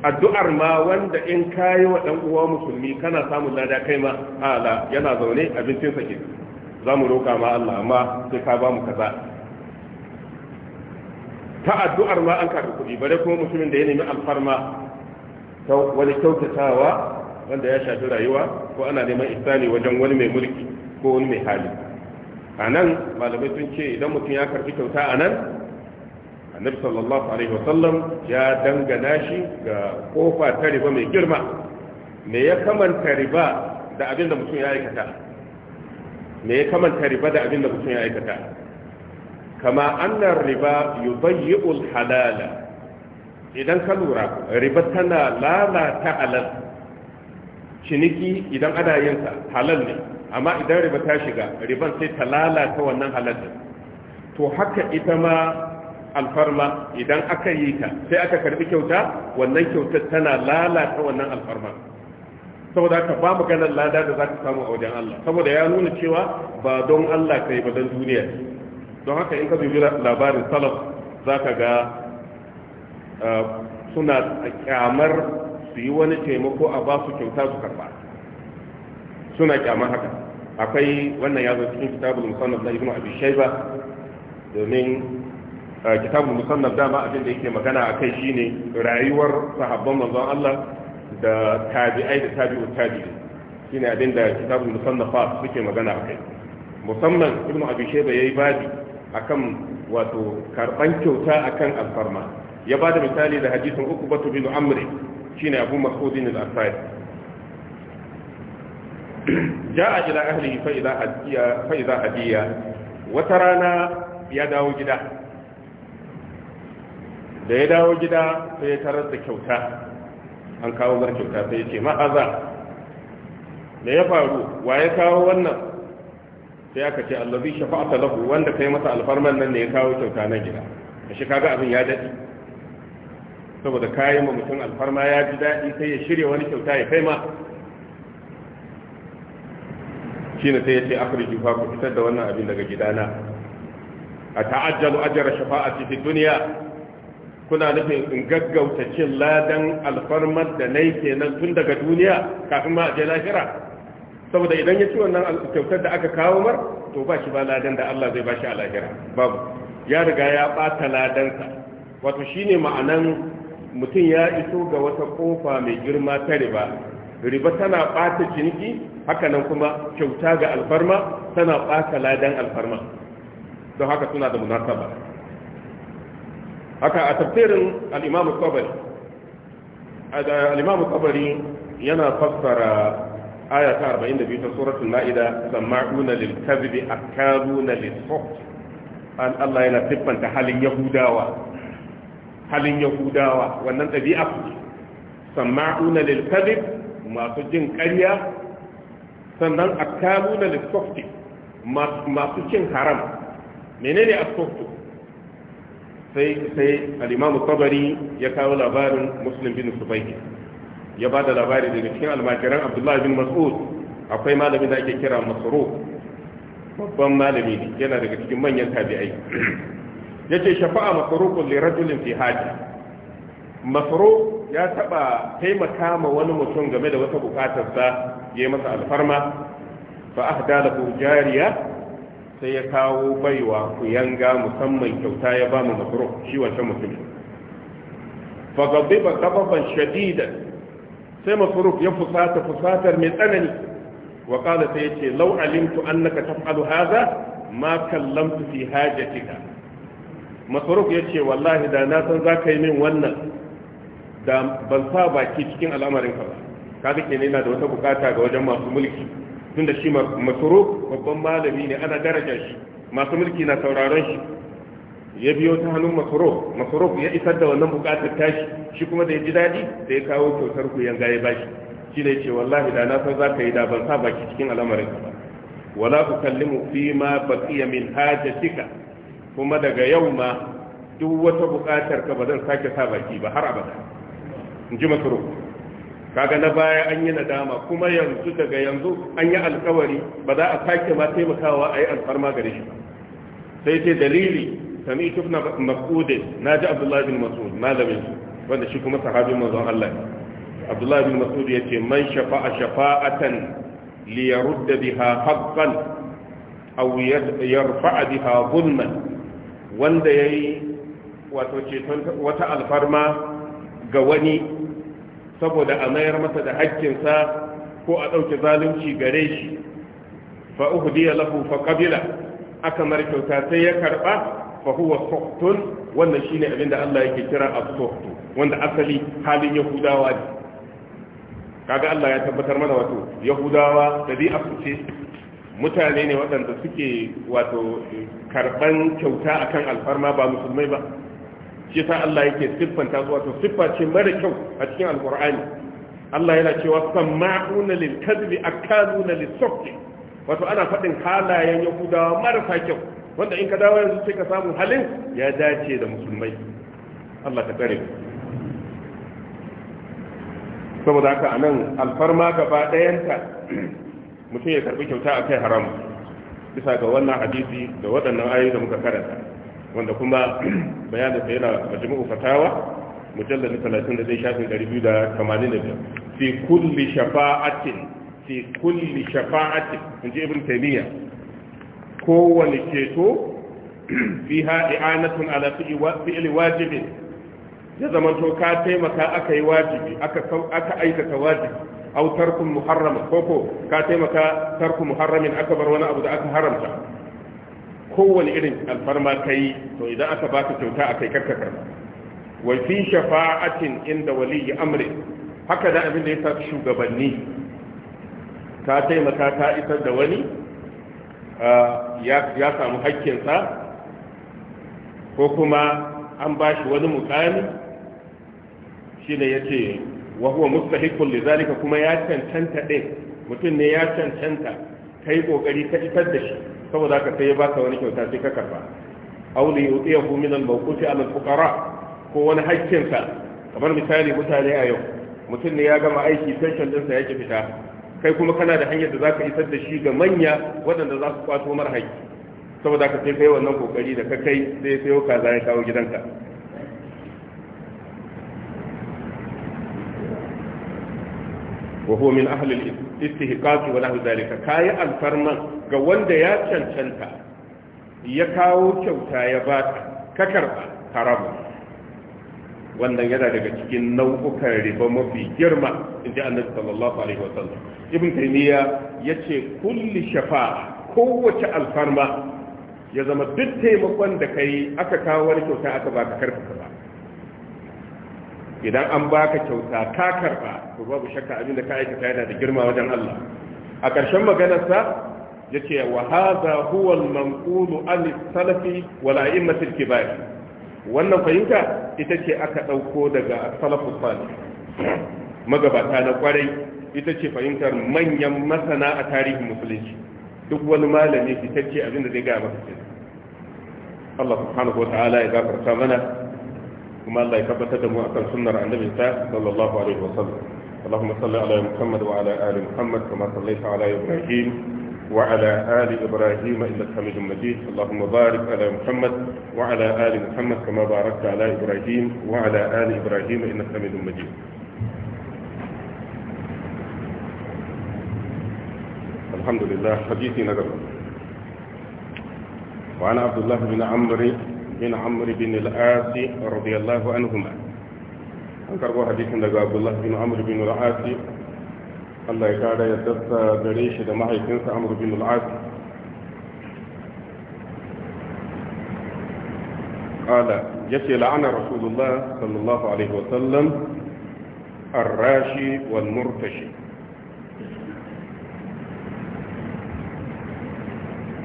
addu'ar ma wanda in kayi wa ɗan uwa musulmi kana samun lada kai ma ala yana zaune abincinsa ke za mu roƙa ma Allah amma sai ka ba mu kaza ta addu'ar ma an karbi kuɗi bare kuma mutumin da ya nemi alfarma wani kyautatawa wanda ya shafi rayuwa ko ana neman isani wajen wani mai mulki ko wani mai hali a nan malamai sun ce idan mutum ya karbi kyauta a nan annabi sallallahu alaihi wasallam ya dangana shi ga kofa ta riba mai girma me ya kamanta riba da abin da mutum ya aikata me ya kamanta riba da abin da mutum ya aikata kama annar riba yubayyi'ul halala idan ka lura riba tana lalata halal ciniki idan ana yinsa, halal ne amma idan riba ta shiga riban sai ta lalata wannan halal to haka ita ma alfarma idan aka yi ta sai aka karbi kyauta wannan kyautar tana lalata wannan alfarma saboda haka ba maganar lada da za ka samu a wajen Allah saboda ya nuna cewa ba don Allah yi ba don duniya don haka in ka dubi labarin salaf za ka ga eh, suna kyamar su yi wani taimako a ba su kyauta su karba suna kyamar haka akwai wannan ya zai cikin kitabul musannaf na ibnu abi shayba domin eh, kitabul musannaf dama abin da yake magana a kai shine rayuwar sahabban manzon Allah da tabi'ai da tabi'u tabi'i shine abin da kitabul musannafat suke magana a kai? musamman ibnu abi shayba yayi babi akan wato karban kyauta akan alfarma ya ba da misali da hadisin uku batu bin amri shine abu mas'udin al-asad ja'a ila ahlihi fa idha hadiya fa idha hadiya wata rana ya dawo gida da ya dawo gida sai ya tarar da kyauta an kawo gar kyauta sai ya ce ma'aza me ya faru wa ya kawo wannan sai aka ce allazi shafa'ata lahu wanda kai masa alfarman nan ne ya kawo kyauta na gida shi kaga abin ya dadi saboda kayan ma mutum alfarma ya ji dadi sai ya shirya wani kyauta ya kai ma shine sai ya ce akhriju fa ku fitar da wannan abin daga gidana a ta'ajjalu ajra shafa'ati fi dunya kuna nufin in gaggauta cin ladan alfarmar da nai nan tun daga duniya kafin ma a je lahira saboda idan ya ci wannan kyautar da aka kawo mar to ba shi ba ladan da Allah zai ba shi a lahira babu ya riga ya ɓata ladansa wato shine ma'anan mutum ya iso ga wata kofa mai girma ta riba riba tana ɓata ciniki hakanan kuma kyauta ga alfarma tana ɓata ladan alfarma don haka suna da munasaba haka a tafsirin al-imamu qabari al imam Tabari yana fassara aya ta 42 ta suratul ma'ida sama'una lil kadhibi akaruna lil fuhsh an Allah yana siffanta halin yahudawa halin yahudawa wannan dabi'a sama'una lil kadhib masu jin ƙarya sannan akaruna lil fuhsh masu cin haram menene as sai sai al tabari ya kawo labarin muslim bin ya ba da labari daga cikin almajiran abdullahi bin mas'ud akwai malami da ake kira masoro babban malami ne yana daga cikin manyan tabi'ai yace shafa'a masrukun kulle rajulin fi haja masro ya taba taimaka ma wani mutum game da wata bukatar sa ya masa alfarma fa ahda lahu jariya sai ya kawo baiwa ku yanga musamman kyauta ya ba mu masro shi wancan mutum fa gabiba gababan shadidan sai masruf ya fusata fusatar mai tsanani wa qala sai yace lau alimtu annaka taf'alu hadha ma kallamtu fi hajatika ya ce wallahi da na san za ka yi min wannan da ban sa baki cikin al'amarin ka ba kaga kenan yana da wata bukata ga wajen masu mulki Tun da shi masruf babban malami ne ana daraja shi masu mulki na sauraron shi ya biyo ta hannun masarof masarof ya isar da wannan bukatar tashi shi kuma da ya ji daɗi da ya kawo kyautar ku yanga ya bashi shi ne ce wallahi da na san za ka yi da ban sa baki cikin al'amarin ba wala mu fi ma baqiya min hajatika kuma daga yau ma duk wata buƙatar ka ba zan sake sa baki ba har abada in ji masaruf kaga na baya an yi nadama kuma yanzu daga yanzu an yi alkawari ba za a sake ma taimakawa a yi alfarma gare shi sai sai dalili sami ibn na ji abdullahi bin mas'ud malamin wanda shi kuma sahabin manzon Allah abdullahi bin mas'ud ce man shafa'a shafa'atan li biha haqqan aw yarfa'a biha zulman wanda yayi wato ceton wata alfarma ga wani saboda a mayar masa da haƙƙinsa ko a ɗauke zalunci gare shi fa uhdiya lahu fa qabila aka mar kyauta sai ya karba fa huwa suhtun wannan shine abinda Allah yake kira a suhtu wanda asali halin yahudawa ne kaga Allah ya tabbatar mana wato yahudawa da bi ce mutane ne waɗanda suke wato karɓan kyauta akan alfarma ba musulmai ba shi sa Allah yake siffanta su wato siffa ce mara kyau a cikin alqur'ani Allah yana cewa sama'una lil kadhibi akaluna lis wato ana faɗin halayen yahudawa marasa kyau wanda in ka dawo yanzu sai ka samu halin ya dace da musulmai Allah ka tsare saboda haka anan alfarma gaba ɗayanta mutum ya karbi kyauta a kai haram bisa ga wannan hadisi da waɗannan ayoyi da muka karanta wanda kuma bayanin sa yana majmu'u fatawa mujallal 31 shafin 285 fi kulli shafa'atin fi kulli shafa'atin inji ibn taymiyyah kowane ceto fiha i'anatun ala fi'li wajibin ya zama ka taimaka aka yi wajibi aka aikata wajibi aw tarkun muharrama koko ka taimaka tarku muharramin aka bar wani abu da aka haramta kowane irin alfarma ka yi, to idan aka baka kyauta akai karka karba Wai fi shafa'atin inda waliyi amri haka da abin da ya shafi shugabanni ka taimaka ka isar da wani ya samu hakkinsa ko kuma an ba shi wani mukami shi ne ya ce wa huwa mustahikun da zalika kuma ya cancanta ɗin mutum ne ya cancanta ka yi ƙoƙari ka isar da shi saboda ka sai ya ba ka wani kyauta sai ka karba auli ya wuɗe ya hu minan mawkufi a fukara ko wani hakkinsa kamar misali mutane a yau mutum ne ya gama aiki pension ɗinsa ya ki fita kai kuma kana da hanyar da za ka isar da shi ga manya waɗanda za su kwato mara saboda ka sai kai wannan kokari da ka kai sai sayo kaza ya kawo gidanka wa huwa min ahli al-istihqaq wa lahu kai alfarman ga wanda ya cancanta ya kawo kyauta ya ba ka karba haramun wannan yana daga cikin nau'ukan riba mafi girma in ji annabi sallallahu alaihi wasallam ibn taymiya yace kulli shafa'a kowace alfarma ya zama duk taimakon da kai aka kawo wani kyauta aka baka karfafa ba idan an baka kyauta ka karba to babu shakka abin da ka aikata yana da girma wajen Allah a ƙarshen maganarsa yace wa hadha huwa al-manqulu an salafi wal a'immatil kibari wannan fahimta ita ce aka ɗauko daga salafus salih magabata na kwarai ita ce fahimtar manyan masana a tarihin musulunci duk wani malami fitacce abin da zai gaya maka ce Allah subhanahu wata'ala ya gafarta mana kuma Allah ya tabbatar da mu akan sunnar annabi ta sallallahu alaihi wa sallam اللهم صل على محمد وعلى ال محمد كما صليت على ابراهيم وعلى آل إبراهيم إنك حميد مجيد اللهم بارك على محمد وعلى آل محمد كما باركت على إبراهيم وعلى آل إبراهيم إنك حميد مجيد الحمد لله حديثي نقرأ وعن عبد الله بن عمرو بن عمرو بن العاص رضي الله عنهما أنكر حديث عبد الله بن عمرو بن العاص Allah ya ya dasa gare shi da mahaifinsa Amr bin al-As qala yace la'ana Rasulullah sallallahu alaihi wa sallam ar-rashi wal murtashi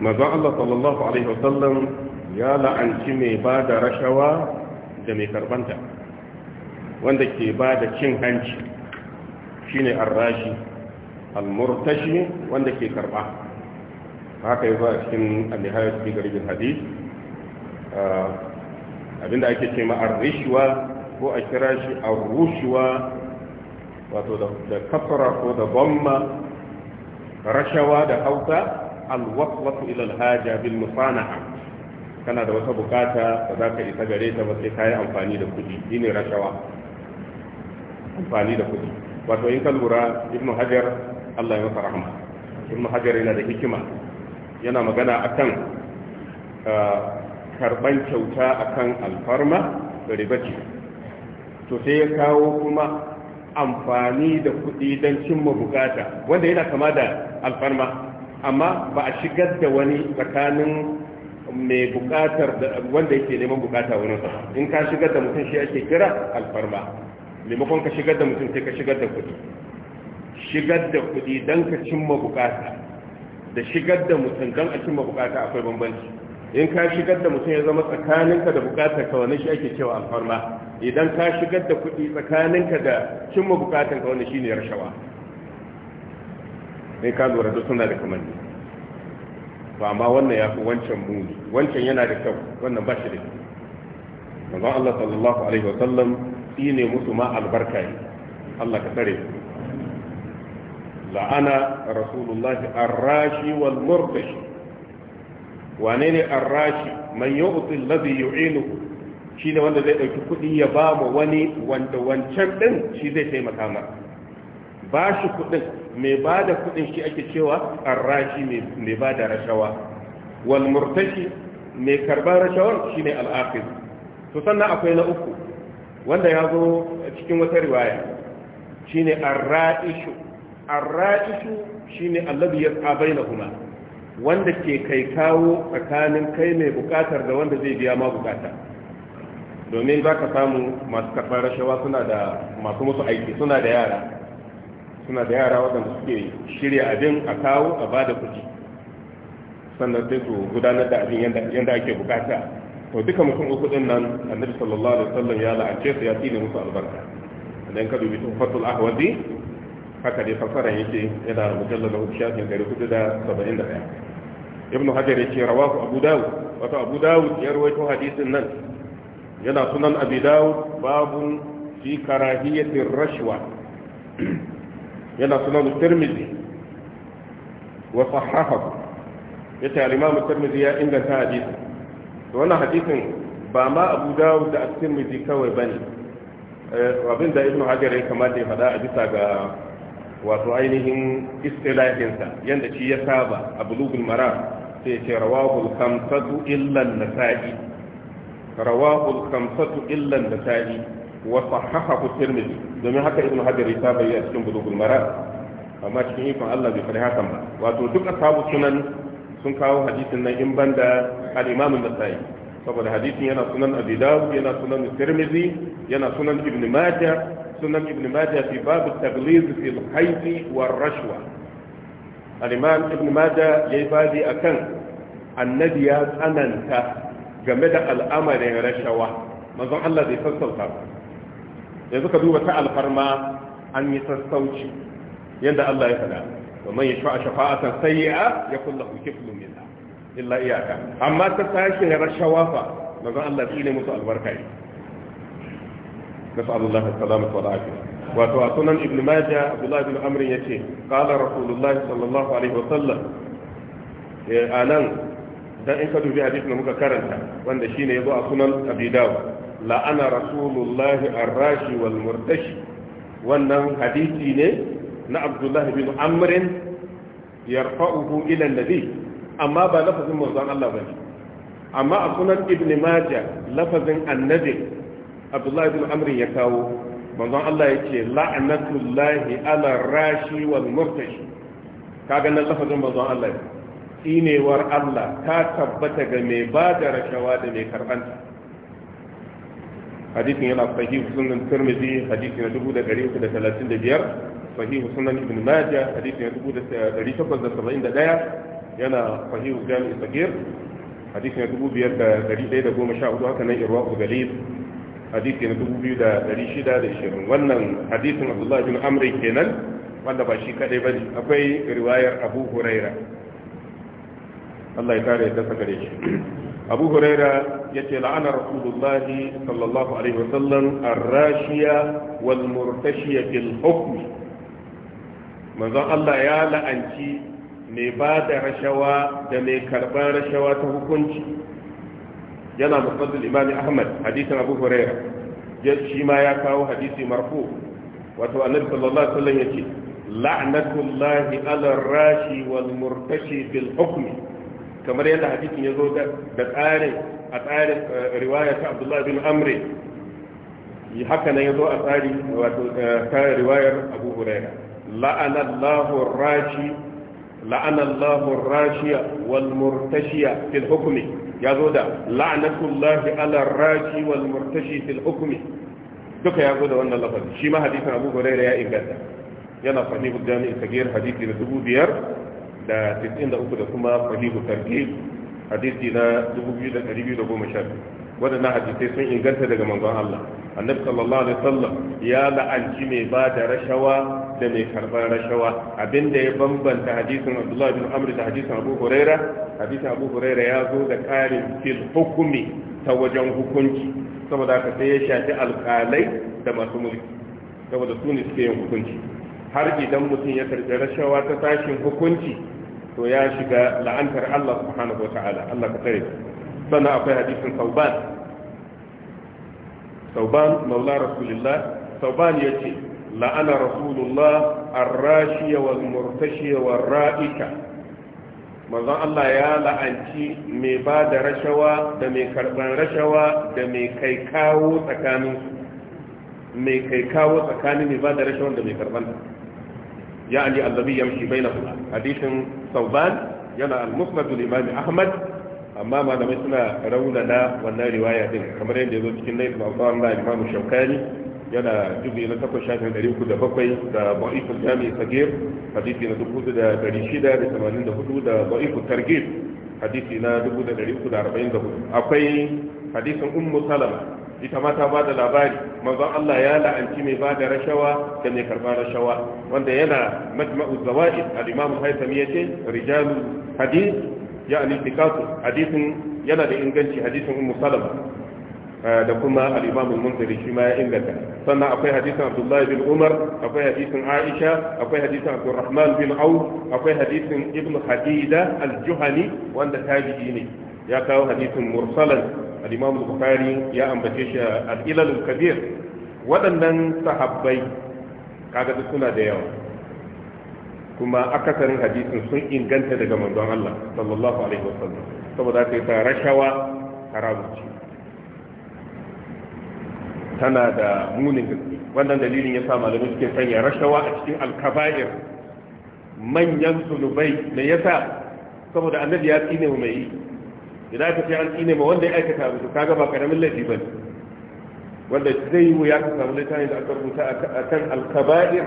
manzon Allah sallallahu alaihi wa sallam ya la'anci mai ba da rashawa da mai karbanta wanda ke ba da cin hanci shine ar-rashi al-murtashi wanda ke karba haka yi ba a cikin al-nihayat fi garibin hadith ah, abinda ake ce ma ar-rishwa ko a kira shi ar-rushwa wato da kafara ko da gomma. rashawa da hausa alwaswatu ila alhaja bil musana'a kana da wata bukata da ka isa gare ta ba sai ka yi amfani da kudi shine rashawa amfani da kudi wato in ka lura ibnu hajar Allah ya masa rahama ibn hajar yana da hikima yana magana a kan uh, karban kyauta a kan alfarma riba ce to sai ya kawo kuma amfani da kuɗi don cimma bukata wanda yana kama da alfarma amma ba a shigar da wani tsakanin mai bukatar wanda yake neman bukata wani in ka shigar da mutum shi ake kira alfarma maimakon ka shigar da mutum sai ka shigar da kuɗi shigar da kuɗi don ka cimma bukata da shigar da mutum don a cimma bukata akwai bambanci in ka shigar da mutum ya zama tsakaninka da bukata ka wani shi ake cewa alfarma idan ka shigar da kuɗi tsakaninka da cimma bukatar ka wani shine rashawa sai ka lura da suna da ne ba ma wannan ya fi wancan muni wancan yana da kyau wannan ba shi da kyau Allah sallallahu alaihi wa sallam ne musu ma albarka Allah ka tsare ku la'ana rasulullahi arrashi wal murtashi wane ne arrashi man yu'ti alladhi yu'inuhu shine wanda zai ɗauki kudi ya ba wani wanda wancan din shi zai taimaka masa ba shi kudin mai ba shi ake cewa arrashi mai ba da rashawa wal murtashi mai karbar rashawar akwai na uku wanda ya zo cikin wata riwaya shine arraishu arra'isu shine allazi yas'a bainahuma wanda ke kai kawo tsakanin kai mai bukatar da wanda zai biya ma bukata domin za ka samu masu karɓar rashawa suna da masu musu aiki suna da yara suna da yara waɗanda suke shirya abin a kawo a ba kuɗi sannan sai su gudanar da abin yadda ake bukata to duka mutum uku din nan annabi sallallahu alaihi wasallam ya la'ance su ya tsine musu albarka idan ka dubi tuhfatul ahwazi haka dai fassara yake yana mujallal lahu shafin 471 ibnu hajar yace rawahu abu dawud wato abu dawud ya rawaito hadisin nan yana sunan abi dawud babun fi karahiyati rashwa yana sunan tirmidhi wa sahahahu yace al-imam tirmidhi ya inganta hadisin to wannan hadisin ba ma abu dawud da at-tirmidhi kawai bane eh, abinda ibnu hajar ya kamata ya faɗa a bisa ga wato ainihin istilahinsa yadda shi ya saba a bulugul mara sai ce rawahul kamsatu illan da nasa'i rawahul kamsatu illan da nasa'i wa sahahahu tirmidhi domin haka ibn hajar ya saba a cikin bulugul mara amma cikin ikon Allah bai fara hakan ba wato duk ashabu sunan sun kawo hadisin nan in banda al-imam da nasai saboda hadisin yana sunan abi dawud yana sunan tirmidhi yana sunan ibn majah sunan ibn majah fi bab at fi al-hayy wa ar-rashwa al-imam ibn majah yayi babi akan annabi ya tsananta game da al'amarin rashawa manzon Allah bai sassauta ba yanzu ka duba ta alfarma an yi sassauci yanda Allah ya faɗa wa man yashfa shafa'atan sayyi'a yakul lahu kiflun minha illa iyaka amma ta tashi sashin rashawa fa manzo Allah ne musu albarka ne nasallu Allah salamatu wa afiya wato a sunan ibn majah abdullah ibn ya ce kala rasulullahi sallallahu alaihi wa sallam eh, anan dan in ka dubi hadisin na muka karanta wanda shi shine yazo a sunan abi la'ana rasulullahi arrashi wal murtashi wannan hadisi ne na abdullahi bin amrin yarfa'uhu ila nabi amma ba lafazin manzon Allah ba ne amma a sunan ibn majah lafazin annabi abdullahi bin amr ya kawo manzon Allah ya ce la'anatullahi ala rashi wal murtashi kaga nan lafazin manzon Allah ne tsinewar Allah ta tabbata ga mai ba da rashawa da mai karɓanta hadisin yana sahihu sunan tirmidhi hadisi na 1335 sahihu sunan ibn majah hadisi na 1871 yana fahimu jami'in sagir hadisi na 5,114 haka nan irwa galib hadisi na 2,620 wannan hadisin abdullahi bin amri kenan wanda ba shi kadai ba ne akwai riwayar abu huraira Allah ya kare da saka da shi abu huraira ya ce la'ana rasulullahi sallallahu alaihi wasallam arrashiya wal murtashiya fil hukmi manzon Allah ya la'anci mai ba da rashawa da mai karɓar rashawa ta hukunci yana musaddul imam ahmad hadisin abu huraira shi ma ya kawo hadisi marfu wato annabi sallallahu alaihi wasallam yace la'natullahi ala rashi wal murtashi bil hukmi kamar yadda hadisin ya zo da tsarin a eh, tsare riwaya ta abdullah bin amri haka nan yazo a tsari wato eh, ta riwayar abu huraira la'anallahu rashi la'anallahu rashiya wal murtashiya fil hukmi ya zo da la'anatullahi ala rashi wal murtashi duka ya zo wannan lafazi shi ma hadisin Abu ya inganta yana sahihu jami'i sagir hadisi dubu biyar da tisin da uku da kuma sahihu targhib hadisi dubu biyu da ɗari biyu da goma sha biyu waɗannan hadisai sun inganta daga manzon Allah annabi sallallahu ya la'anci mai ba da rashawa da mai karɓar rashawa abinda ya bambanta hadisin abdullahi bin amr da hadisin abu huraira hadisin abu huraira ya zo da ƙarin fil hukumi ta wajen hukunci saboda haka sai ya shafi alƙalai da masu mulki saboda su ne suke yin hukunci har idan mutum ya karɓi rashawa ta tashin hukunci to ya shiga la'antar Allah subhanahu wa Allah ka tare sannan akwai hadisin sauban sauban maula rasulillah sauban ya ce لعن رسول الله الراشية والمرتشية والرائكة manzon Allah ya la'anci mai ba da rashawa da mai karban rashawa da mai kai kawo tsakanin mai kai kawo tsakanin mai ba da rashawa da mai karban ya ali allabi yamshi bainahuma hadisin sauban yana al-musnad al-imam ahmad amma malamai suna raunana wannan riwaya din kamar yadda ya zo cikin laifin al-imam shaukani yana jubi na takwas shafin ɗari uku da bakwai da ba'ifin jami'i sagir hadisi na dubu da ɗari shida da tamanin da hudu da ba'ifin targib hadisi na dubu da ɗari uku da arba'in da hudu akwai hadisin ummu salama ita ma ta bada labari manzon Allah ya la'anci mai bada rashawa da mai karba rashawa wanda yana majma'u zawaid al-imam Haytham yace rijalu hadith ya'ni tikatu hadithin yana da inganci hadisin ummu salama da kuma al al shi ma ya inganta sannan akwai hadisin abdullahi bin umar akwai hadisin aisha akwai hadisin abdurrahman bin auf akwai hadisin ibn hadida al-juhani wanda tabi'i ne ya kawo hadisin mursalan al-imam bukhari ya ambace shi al-ilal kabir waɗannan sahabbai kaga suna da yawa kuma akasarin hadisin sun inganta daga manzon Allah sallallahu alaihi wasallam saboda ta rashawa haramun tana da munin gaske wannan dalilin ya sa malamai suke sanya rashawa a cikin alkaba'ir manyan zunubai me yasa saboda annabi ya tsine mu mai idan aka ce an tsine mu, wanda ya aikata abu kaga ba karamin laifi ba wanda zai yi ya ka samu littafin da aka rubuta a kan alkaba'ir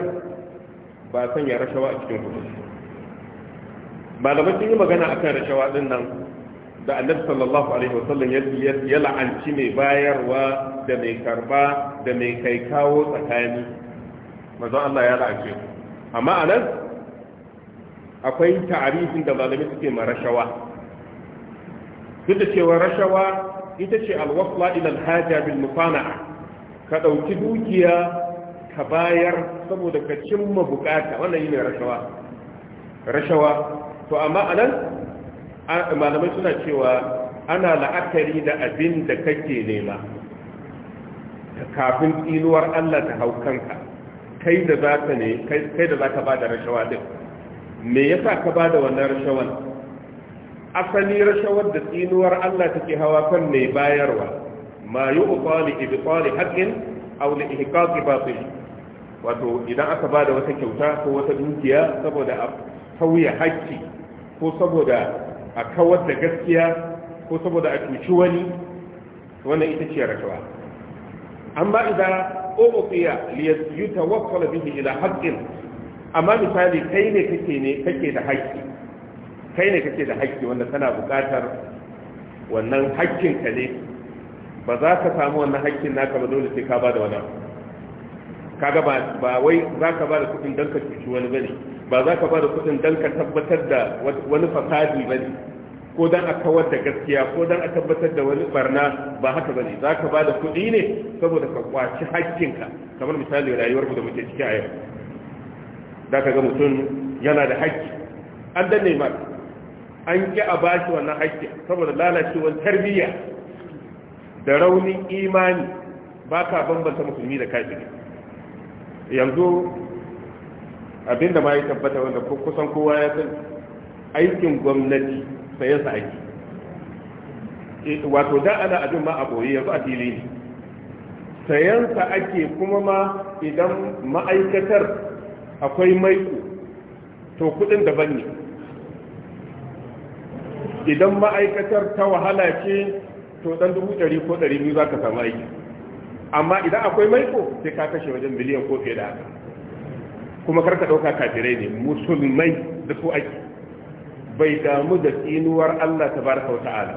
ba sanya rashawa a cikin hudu Malamin sun yi magana akan rashawa din nan da annabi sallallahu alaihi wasallam ya la'anci mai bayarwa da mai karba da mai kai kawo tsakani mazan Allah ya la'ance ku amma a nan akwai ta'arifin da malami suke ma rashawa duk da cewa rashawa ita ce alwasla ila alhaja bil mufana'a ka dauki dukiya ka bayar saboda ka cimma bukata wannan ne rashawa rashawa to amma a nan malamai suna cewa ana la'akari da abin da kake nema kafin tsinuwar Allah ta hau kanka kai da za ka ne kai da za ka ba da rashawa din me ya sa ka ba da wannan rashawan asali rashawar da tsinuwar Allah take hawa kan mai bayarwa ma yi ukwali ibikwali haƙin auli ihikafi yi. wato idan aka ba da wata kyauta ko wata dukiya saboda a tauye haƙƙi ko saboda a kawar da gaskiya ko saboda a cuci wani wannan ita ce rashawa amma idan uqiya li wakwala bihi ila haƙƙin amma misali kai ne kake ne kake da haƙƙi kai ne kake da haƙƙi wanda tana buƙatar wannan haƙƙin ka ne ba za ka samu wannan haƙƙin naka ba dole sai ka ba da wani kaga ba ba wai za ka ba da kuɗin don ka cuci wani bane ba za ka ba da kudin don ka tabbatar da wani fasadi ba ne ko don a kawar da gaskiya ko don a tabbatar da wani barna ba haka ba ne za ka ba da kudi ne saboda ka kwaci hakkinka kamar misali rayuwar da muke ciki a yau Za ka ga mutum yana da hakki an danne ma an ki a bashi wannan hakki saboda lalacewar tarbiyya da raunin imani ba ka bambanta musulmi da kafiri yanzu abinda ma ya tabbata wanda kusan kowa ya san aikin gwamnati sai ya sa aiki e, wato da ana abin ma a boye yanzu a fili ne sayansa ake kuma ma idan ma'aikatar akwai maiko to kudin da ne idan ma'aikatar ta wahala ce to dan dubu ɗari ko ɗari biyu za ka samu aiki amma idan akwai maiko sai ka kashe wajen miliyan ko fiye da haka kuma karka ɗauka kafirai ne musulmai da su ake bai damu da tsinuwar Allah ta baraka wa ta'ala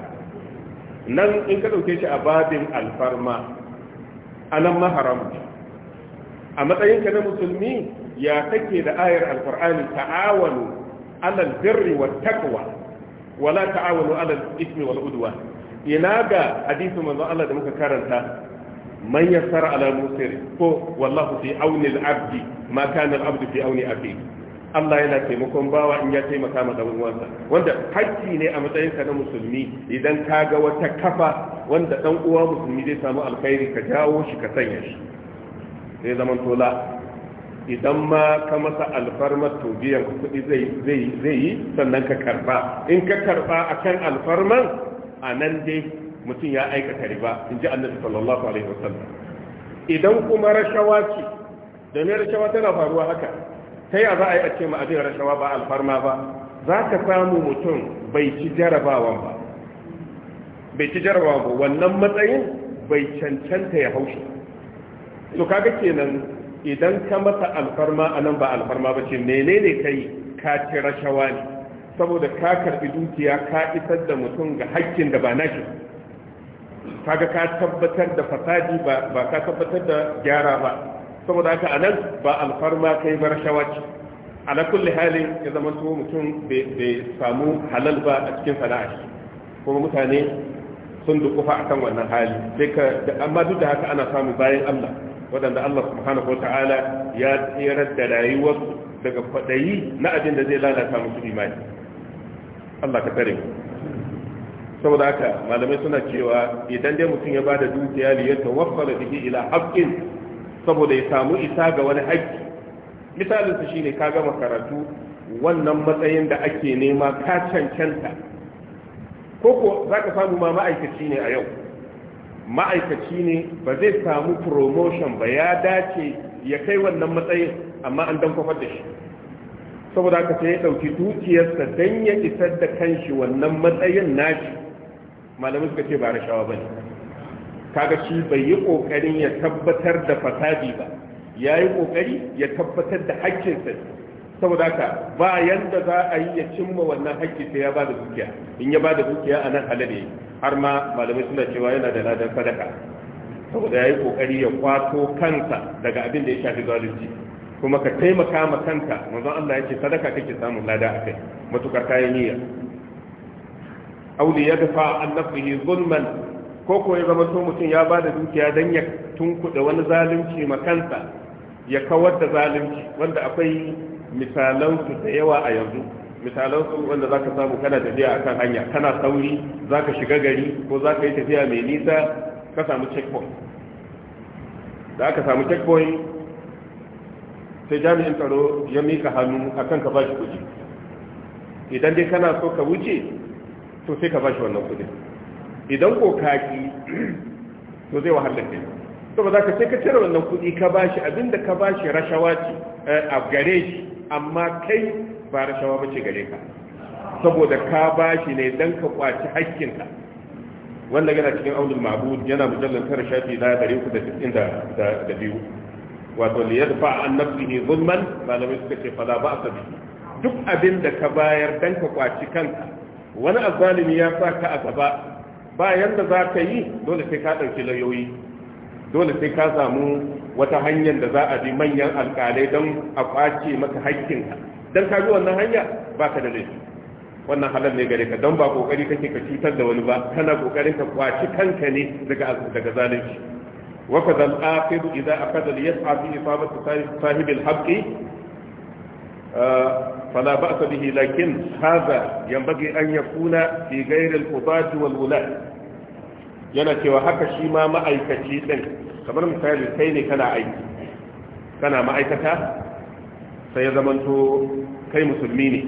nan in ka ɗauke shi a babin alfarma a nan maharamu a matsayinka na musulmi ya kake da ayar alfar'ani ta'awanu alal birri wa takwa wala ta'awanu alal ismi wal udwa ina ga hadisin manzon Allah da muka karanta man yassara ala musir ko wallahu fi auni al-abdi ma kana al-abdu fi Allah yana taimakon bawa in ya taimaka ma dan uwansa wanda hakki ne a matsayin ka na musulmi idan ka ga wata kafa wanda ɗan uwa musulmi zai samu alkhairi ka jawo shi ka sanya shi sai zaman tola idan ma ka masa alfarmar to biyan kuɗi zai zai yi sannan ka karba in ka karba akan alfarman a nan dai mutum ya aikata riba in ji annabi sallallahu alaihi wasallam idan kuma rashawa ce da ne rashawa tana faruwa haka ta ya za a yi a ce ma abin rashawa ba alfarma ba za ka samu mutum bai ci jarabawan ba bai ci jarabawan ba wannan matsayin bai cancanta ya haushi to kaga kenan idan ka masa alfarma a nan ba alfarma ba ce menene kai ka ci rashawa ne saboda ka karbi dukiya ka isar da mutum ga haƙƙin da ba nake. ba kaga ka tabbatar da fasadi ba ka tabbatar da gyara ba saboda haka anan ba alfarma kai bar shawaci ala kulli hali ya zama to mutum bai samu halal ba a cikin sana'a kuma mutane sun dukufa akan wannan hali sai ka amma duk da haka ana samu bayan Allah waɗanda Allah subhanahu wata'ala ya tsirar da rayuwar daga kwaɗayi na abin da zai lalata musu imani Allah ka tare mu saboda haka malamai suna cewa idan dai mutum ya bada dukiya ne ya tawaffala bihi ila haqqin saboda ya samu isa ga wani haƙƙi misalin su shine ka gama karatu wannan matsayin da ake nema ka cancanta ko ko zaka samu ma ma'aikaci ne a yau ma'aikaci ne ba zai samu promotion ba ya dace ya kai wannan matsayin amma an dan kwafar da shi saboda haka sai ya ɗauki dukiyarsa dan ya isar da kanshi wannan matsayin nashi malamai suka ce ba rashawa bane kaga shi bai yi kokarin ya tabbatar da fasadi ba ya yi kokari ya tabbatar da haƙƙinsa saboda ka, ba yanda za a yi ya cimma wannan haƙƙi sai ya bada dukiya in ya bada dukiya a nan halale har ma malamai suna cewa yana da ladan sadaka saboda ya yi kokari ya kwato kansa daga abin da ya shafi zalunci kuma ka taimaka ma kanka manzon Allah ya ce sadaka kake samun lada akai matukar kayan niyya auli ya dafa an nafsihi zulman ko ko ya zama to mutum ya bada dukiya dan ya tunkuɗe wani zalunci ma kansa ya kawar da zalunci wanda akwai misalan su da yawa a yanzu misalan su wanda zaka samu kana tafiya akan hanya kana sauri zaka shiga gari ko zaka yi tafiya mai nisa ka samu checkpoint da aka samu checkpoint sai jami'in tsaro ya mika hannu akan ka bashi kuɗi idan dai kana so ka wuce to sai ka bashi wannan kudin idan ko kaki to zai to da saboda ka sai ka cire wannan kudi ka bashi abinda ka bashi rashawa ce eh, a gare shi amma kai ba rashawa ba ce gare ka saboda ka bashi ne dan ka kwaci ka. wannan yana cikin aulul ma'bud yana mujallal tara shafi na 392 wato li yadfa an nafsihi zulman malamai suka ce fala ba'sa bihi duk abinda ka bayar dan ka kwaci kanka wani azalimi ya sa ka a gaba ba yanda za ka yi dole sai ka ɗauki lauyoyi dole sai ka samu wata hanyar da za a bi manyan alƙalai don a ƙwace maka haƙƙinka don ka bi wannan hanya ba ka da laifi wannan halar ne gare ka don ba ƙoƙari kake ka cutar da wani ba kana ƙoƙarin ka ƙwace kanka ne daga daga zalunci wa ka zal akhir idza aqada li yas'a fi ifabati haqqi فلا بأس به لكن هذا ينبغي أن يكون في غير القضاة والولاة yana cewa haka shi ma ma'aikaci ɗin kamar misali kai ne kana aiki kana ma'aikata sai ya zamanto kai musulmi ne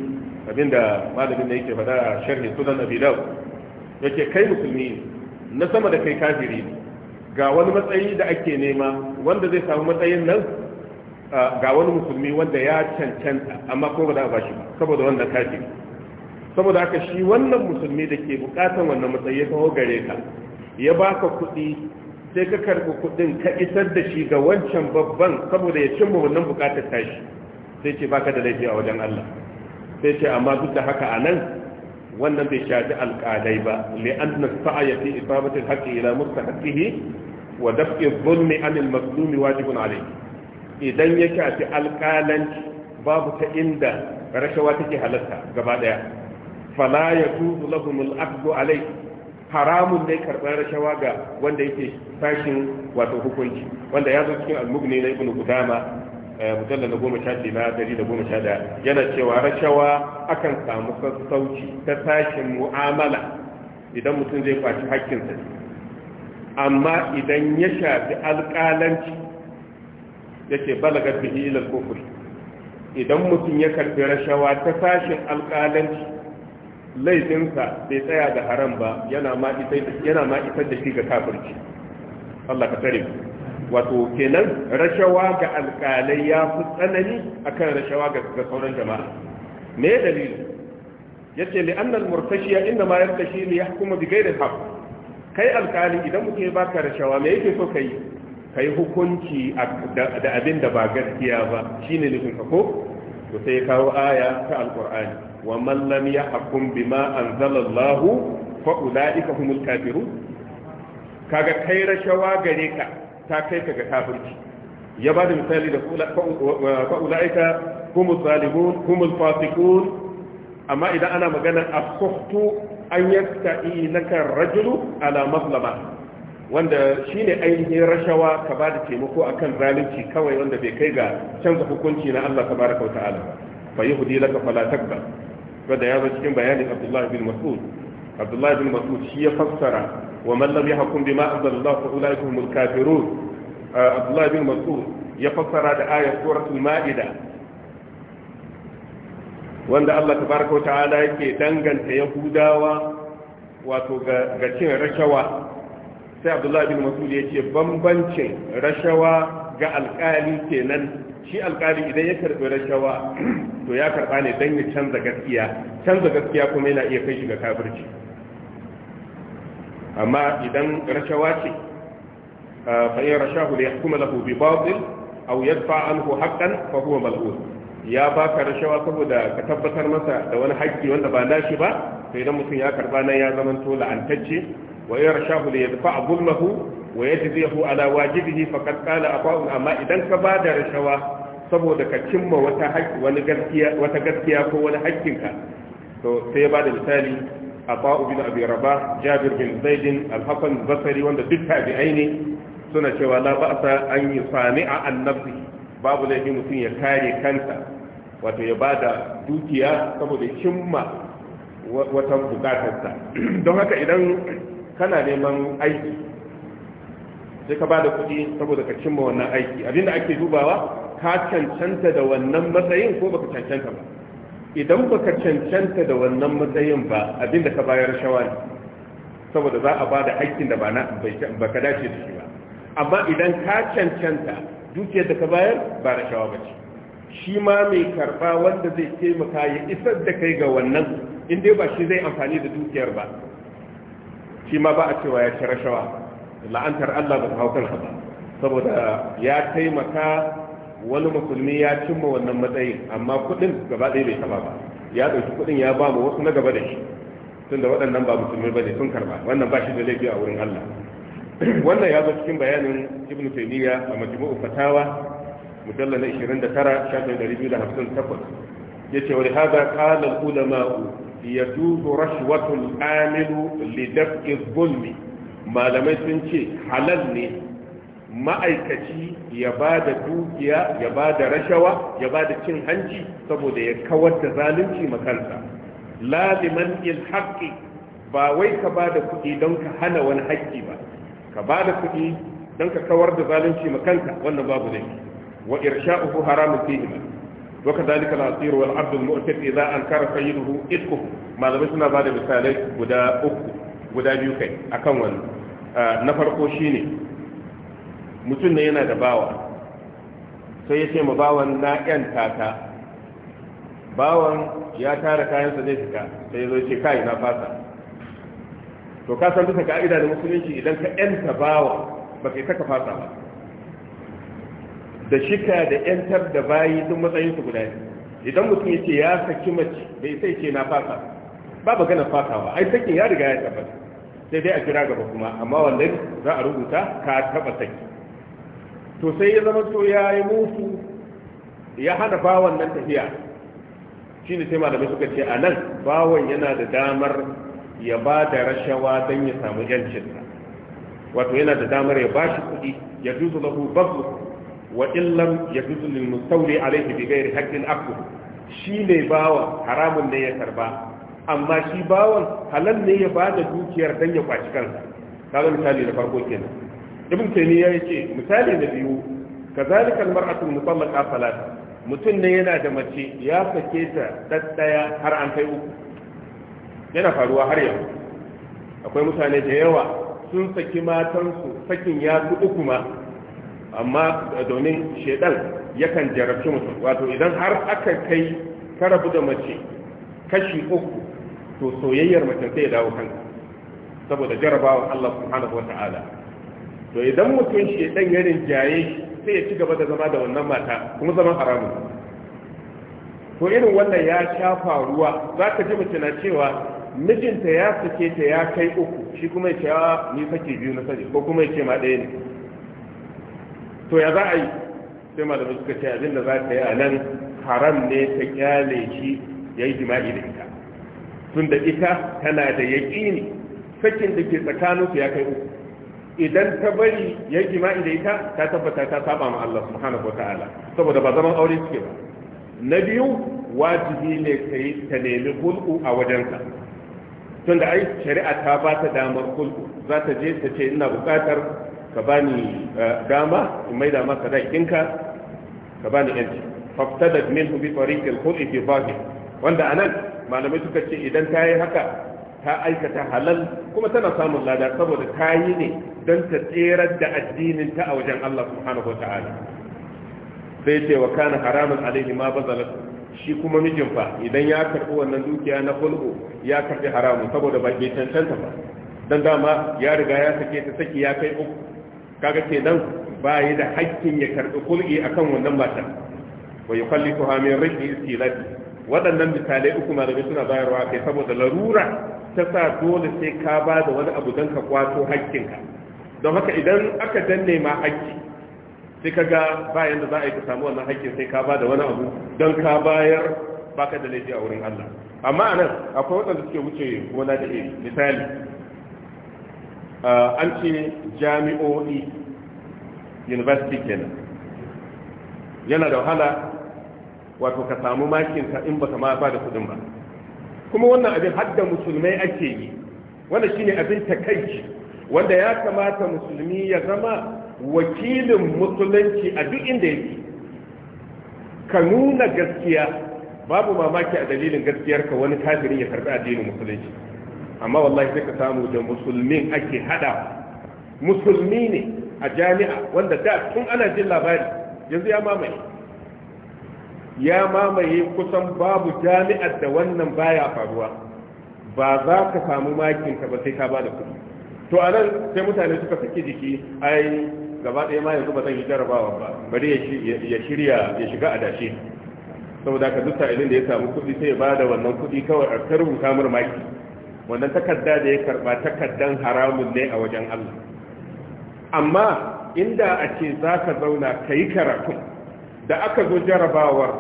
abinda malamin da yake faɗa a sharhi sunan abidaw yake kai musulmi ne na sama da kai kafiri ga wani matsayi da ake nema wanda zai samu matsayin nan ga wani musulmi wanda ya cancanta amma ko ba za a bashi ba saboda wannan kafiri saboda haka shi wannan musulmi da ke bukatan wannan matsayi ya kawo gare ka ya ba ka kuɗi sai ka karɓi kuɗin ka isar da shi ga wancan babban saboda ya cimma wannan bukatar tashi sai ce baka da laifi a wajen Allah sai ce amma duk da haka anan wannan bai shafi alƙalai ba an sa'a ya fi isabati haƙƙi haqqi ila mustahaqqihi wa daf'i adh amin 'anil mazlumi wajibun alayhi idan ya shafi alƙalanci babu ta inda rashawa take halarta gaba daya fala ya tuzu lahumul aqdu alai haramun dai karɓar rashawa ga wanda yake fashin wato hukunci wanda ya zo cikin al-mughni na ibnu qudama eh, mujalla na goma sha na dari da goma sha daya yana cewa rashawa akan samu sassauci ta sashin mu'amala idan mutum zai kwaci hakkinsa amma idan ya shafi alƙalanci yace balagat bihi ila al idan mutum ya karbi rashawa ta sashin alƙalanci laifinsa bai tsaya da haram ba yana ma isar da shi ga kafirci Allah ka tare wato kenan rashawa ga alƙalai ya fi tsanani akan rashawa ga sauran jama'a me dalili yace li anna al-murtashiya inna ma yartashi li yahkumu bi ghayri al-haqq kai alƙali idan mutum ya baka rashawa me yake so kai Ka yi hukunci da abin da ba gaskiya ba shine nufin ka ko to sai kawo aya ta alkur'ani wa man lam yahkum bima anzalallahu fa ulaika humul kafiru? kaga kai rashawa gare ka ta kai ka ga kafirci ya ba da misali da fa ulaika humul zalimun humul fasiqun amma idan ana magana as-suhtu an yasta'inaka ar-rajulu ala mazlama wanda shine ainihin rashawa ka ba da taimako akan zalunci kawai wanda bai kai ga canza hukunci na Allah tabaraka wa ta'ala fa yahdi laka fala takba wanda ya zama cikin bayanin Abdullah bin Mas'ud Abdullah bin Mas'ud shi ya fassara wa man lam yahkum bima anzalallahu fa ulaika humul kafirun ah, Abdullah bin Mas'ud ya fassara da ayat suratul Ma'ida wanda Allah tabaraka wa ta'ala yake danganta Yahudawa wato ga cin rashawa sai abdullahi bin masud ya ce bambancin rashawa ga alkali kenan shi alkali idan ya karɓi rashawa to ya karɓa ne don ya canza gaskiya canza gaskiya kuma yana iya kai shi ga kafirci amma idan rashawa ce fa in rashahu la yahkuma lahu bi batil aw yadfa anhu haqqan fa huwa mal'un ya baka rashawa saboda ka tabbatar masa da wani haƙƙi wanda ba nashi ba to idan mutum ya karɓa nan ya zama to la'antacce wa yarshahu li yadfa dhullahu wa yajzihu ala wajibihi faqad qala aqa'u amma idan ka bada rashawa saboda ka cimma wata gaskiya ko wani haƙƙinka to sai ya bada misali aqa'u bin abi rabah jabir bin zaid al-hasan wanda duk tabi'ai ne suna cewa la ba'sa an yusani'a an nafsi babu laifi mutum ya kare kansa wato ya bada dukiya saboda cimma wata bukatarsa don haka idan kana neman aiki sai ka da kuɗi saboda ka cimma wannan aiki abinda ake dubawa ka cancanta da wannan matsayin ko baka cancanta ba idan baka cancanta da wannan matsayin ba abinda ka bayar shawa saboda za a ba da aikin da ba na ka dace da shi ba amma idan ka cancanta dukiyar da ka bayar ba da shawa bace shi ma mai karba wanda zai taimaka ya isar da kai ga wannan in dai ba shi zai amfani da dukiyar ba shi ma ba a cewa ya ci rashawa la'antar Allah ba ta hau kansa ba saboda ya taimaka wani musulmi ya cimma wannan matsayin amma kuɗin gaba ɗaya bai taɓa ba ya ɗauki kuɗin ya ba mu wasu na gaba da shi tunda waɗannan ba musulmi ba ne sun karba wannan ba shi da laifi a wurin Allah wannan ya zo cikin bayanin ibn taymiya a majmu'u fatawa mujallal na 29 shafin 258 yace wa hada qala al ulama yajuzu rashwatu al amil li daf'i zulmi malamai sun ce halal ne ma'aikaci ya ba da dukiya ya ba da rashawa ya ba da cin hanci saboda ya kawar da zalunci makansa laliman haƙƙi ba wai ka ba da kuɗi don ka hana wani haƙƙi ba ka ba da kuɗi don ka kawar da zalunci makanka wannan babu ne wa irsha'uhu haramun fihima وكذلك العصير والعبد المؤتد إذا أنكر سيده إسكه ما لم يسمى بعد مثالي قدا أكو قدا بيوكي أكون نفر قوشيني mutum ne yana da bawa sai ya ce ma bawan na ƴan tata bawan ya tara kayansa zai fita sai ya ce kai na fasa to ka san bisa ka'ida da musulunci idan ka ƴanta bawa ba kai ka fasa ba da shika da yantar da bayi duk matsayin su guda idan mutum ya ce ya saki mace bai sai ce na fasa ba ba gana fasawa ai sakin ya riga ya taba sai dai a jira gaba kuma amma wannan za a rubuta ka taba saki to sai ya zama to ya yi musu ya hana bawan nan tafiya shi ne sai malamai suka ce a nan bawan yana da damar ya ba da rashawa don ya samu yancinsa wato yana da damar ya ba shi kuɗi ya dusu lahu babu wa illam yajuzu lil mustawli alayhi bi ghairi haqqin shi ne bawa haramun ne ya karba amma shi bawan halal ne ya bada dukiyar dan ya kwaci kansa kaga misali na farko kenan ibn yi yace misali na biyu kazalika Mar'atu mutallaqa salata mutum ne yana da mace ya sake ta daddaya har an kai uku yana faruwa har yau akwai mutane da yawa sun saki matansu sakin ya fi uku amma eh, domin shedan yakan jarabci mutum wato idan har aka kai karabu da mace kashi uku to soyayyar mace sai ya dawo kanka saboda jarabawa Allah subhanahu wa to idan mutum shedan ya rinjaye sai ya ci gaba da zama da wannan mata kuma zaman haramun to irin wannan ya shafa ruwa za ka ji mace na cewa mijinta ya sake ta ya kai uku shi kuma ya ce ah, ni sake biyu na sani ko kuma ya ce ma ɗaya ne to ya za a yi sai malamai suka ce abin da za ka yi a nan haram ne ta kyale shi ya yi jima'i da ita tun da ita tana da ne, sakin da ke tsakaninsu ya kai uku idan ta bari ya yi jima'i da ita ta tabbata ta saba ma Allah subhanahu wa ta'ala saboda ba zaman aure suke ba na biyu wajibi ne ka yi ta nemi hulku a wajensa tun da ai shari'a ta ba ta damar hulku za ta je ta ce ina buƙatar ka ni eh, dama in dama ka d'aikinka, ka bani yanci faftadat minhu bi tariqil khul'i fi zahir wanda anan malamai suka ce idan ta yi haka ta aikata halal kuma tana samun lada saboda ta yi ne don ta tserar da addinin ta a wajen Allah subhanahu wataala sai ce wa kana haramun alaihi ma bazalat shi kuma mijin fa idan ya karɓi wannan dukiya na khul'u ya karɓi haramun saboda ba ke cancanta ba dan dama ya riga ya sake ta saki ya kai uku kaga kenan ba yi da hakkin ya karbi kul'i akan wannan matar wa yukallifuha min rizqi istilati waɗannan misalai uku daga suna bayarwa kai saboda larura ta sa dole sai ka ba da wani abu don ka kwato hakkinka don haka idan aka danne ma hakki sai ka ga bayan da za a yi ka samu wannan hakkin sai ka ba da wani abu don ka bayar baka da laifi a wurin Allah amma anan akwai waɗanda suke wuce gona da iri misali Uh, an ce jami'o'i university kenan yana da wahala wato ka samu makinka in ba ka ma ba da kudin ba kuma wannan abin hadda musulmai ake yi wanda shine abin takaici wanda ya kamata musulmi ya zama wakilin musulunci a duk inda yake ka nuna gaskiya babu mamaki a dalilin gaskiyarka wani kafirin ya karbi addinin musulunci amma wallahi sai ka samu da musulmin ake hada musulmi ne a jami'a wanda da tun ana jin labari yanzu ya mamaye ya mamaye kusan babu jami'ar da wannan baya faruwa ba za ka samu ka ba sai ka ba da to a nan sai mutane suka saki jiki ai gaba ɗaya ma yanzu ba zan yi jarabawa ba bari ya shirya ya shiga dashe saboda ka duk sa'ilin da ya samu kuɗi sai ya bada wannan kuɗi kawai a karin rubuta maki wannan takarda da ya karba takardan haramun ne a wajen Allah amma inda a ce za ka zauna ka yi karatu da aka zo jarabawar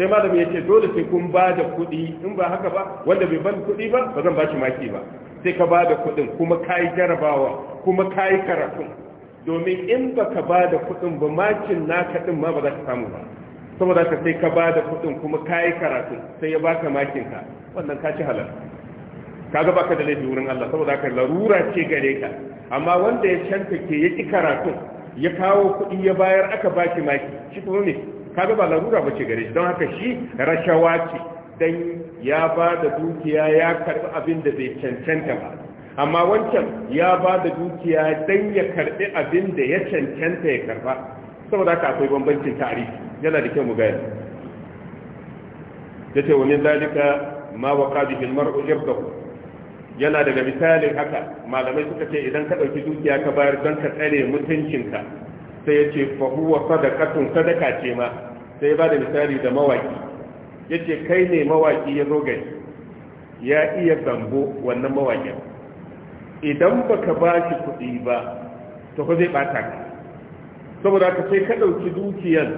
sai malam ya ce dole sai kun ba da kuɗi in ba haka ba wanda bai ban kuɗi ba ba zan ba shi maki ba sai ka ba da kuɗin kuma ka yi jarabawa kuma ka yi karatu domin in ba ka ba da kuɗin ba makin naka ɗin ma ba za ka samu ba saboda ka sai ka ba da kuɗin kuma ka yi karatu sai ya baka makinka wannan ka ci halar kaga baka da laifi wurin Allah saboda haka larura ce gare ka amma wanda ya canta ke ya ki karatu ya kawo kuɗi ya bayar aka baki maki shi kuma ne kaga ba larura ba ce gare shi don haka shi rashawa ce dan ya ba da dukiya ya karbi abin da bai cancanta ba amma wancan ya ba da dukiya dan ya karbi abin da ya cancanta ya karba saboda haka akwai bambancin tarihi yana da kyau mu gaya ce wani zalika ma waqa bihi al-mar'u irdahu yana daga misalin haka malamai suka ce idan ka ɗauki dukiya ka bayar don ka tsare mutuncinka sai ya ce fahuwa sadakatun sadaka ce ma sai ba da misali da mawaki ya ce kai ne mawaki ya zo gari ya iya zambo wannan mawakin idan baka ba shi kuɗi ba to ko zai ɓata ka saboda ka sai ka ɗauki dukiyan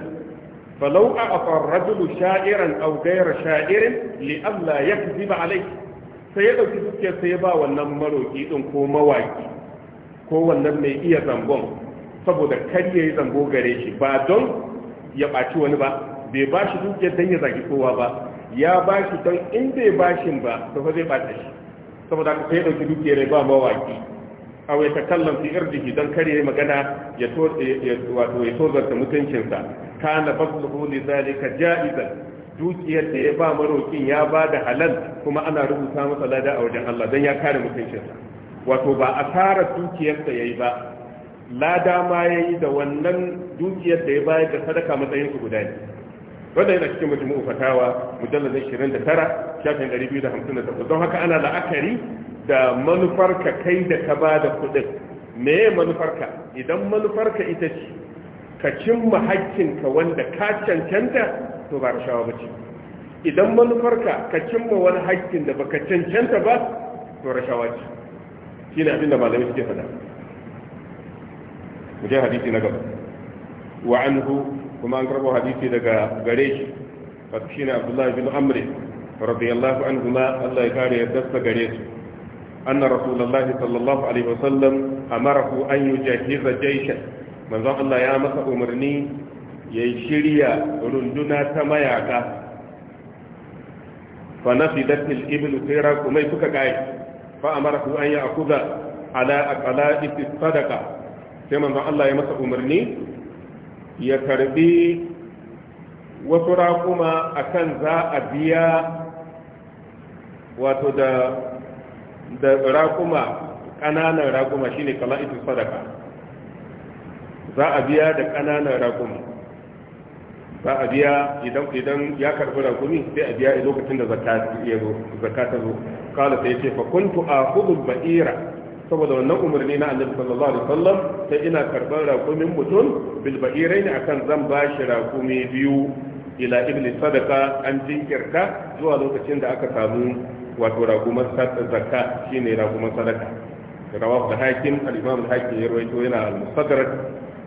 falau a afar rajulu sha'iran au gaira sha'irin li Allah ya kuzi ba alai sai ya ɗauki dukiyar sai ya ba wannan maroki ɗin ko mawaki ko wannan mai iya zangon saboda kar ya yi zango gare shi ba don ya ɓaci wani ba bai ba shi dukiyar don ya zagi kowa ba ya ba shi don in bai ba shi ba to fa zai ɓata shi saboda ka sai ya ɗauki dukiyar ya ba mawaki a wai ta kallon fi shi don kar ya yi magana ya tozarta mutuncinsa kana basluhu li zalika ja'izan dukiyar da ya ba marokin ya ba da halal kuma ana rubuta masa lada a wajen Allah don ya kare mutuncinsa wato ba a tara dukiyarsa ya yi ba lada ma ya yi da wannan dukiyar da ya bayar da sadaka matsayin su guda ne wanda yana cikin mutum shirin da tara shafin ɗari biyu da da hamsin takwas. don haka ana la'akari da manufarka kai da ka ba da kuɗin. me manufarka idan manufarka ita ce ka cimma haƙƙinka wanda ka cancanta to ba rashawa ba ce idan manufarka ka cimma wani haƙƙin da baka cancanta ba to rashawa ce shi ne abin da malamai suke faɗa mu je hadisi na gaba wa anhu kuma an karbo hadisi daga gare shi wato shi ne abdullahi bin amri radiyallahu anhu ma allah ya kare yadda gare su أن رسول الله صلى الله عليه وسلم أمره أن يجهز جيشا من ظن الله يا مسا أمرني ya shirya runduna ta mayaka fa na nafidatil ibnu sayra kuma suka kai fa amarahu an yi a ya'khudha ala aqla'is sadaqa sai manzon Allah ya masa umarni ya karbi wasu raƙuma kan za a biya wato da da raƙuma ƙananan raƙuma shine kala'itul sadaka za a biya da ƙananan raƙuma za a biya idan idan ya karbi rakumi sai a biya a lokacin da zakka ya zo zakka ta zo kala sai yace fa kuntu akhudhu ba'ira saboda wannan umarni na annabi sallallahu alaihi wasallam sai ina karban rakumin mutum bil ba'irain akan zan bashi rakumi biyu ila ibn sadaka an jinkirka zuwa lokacin da aka samu wato rakumar zakka shine rakumar sadaka rawahu hakim al-imam al-hakim ya rawaito yana al-mustadrak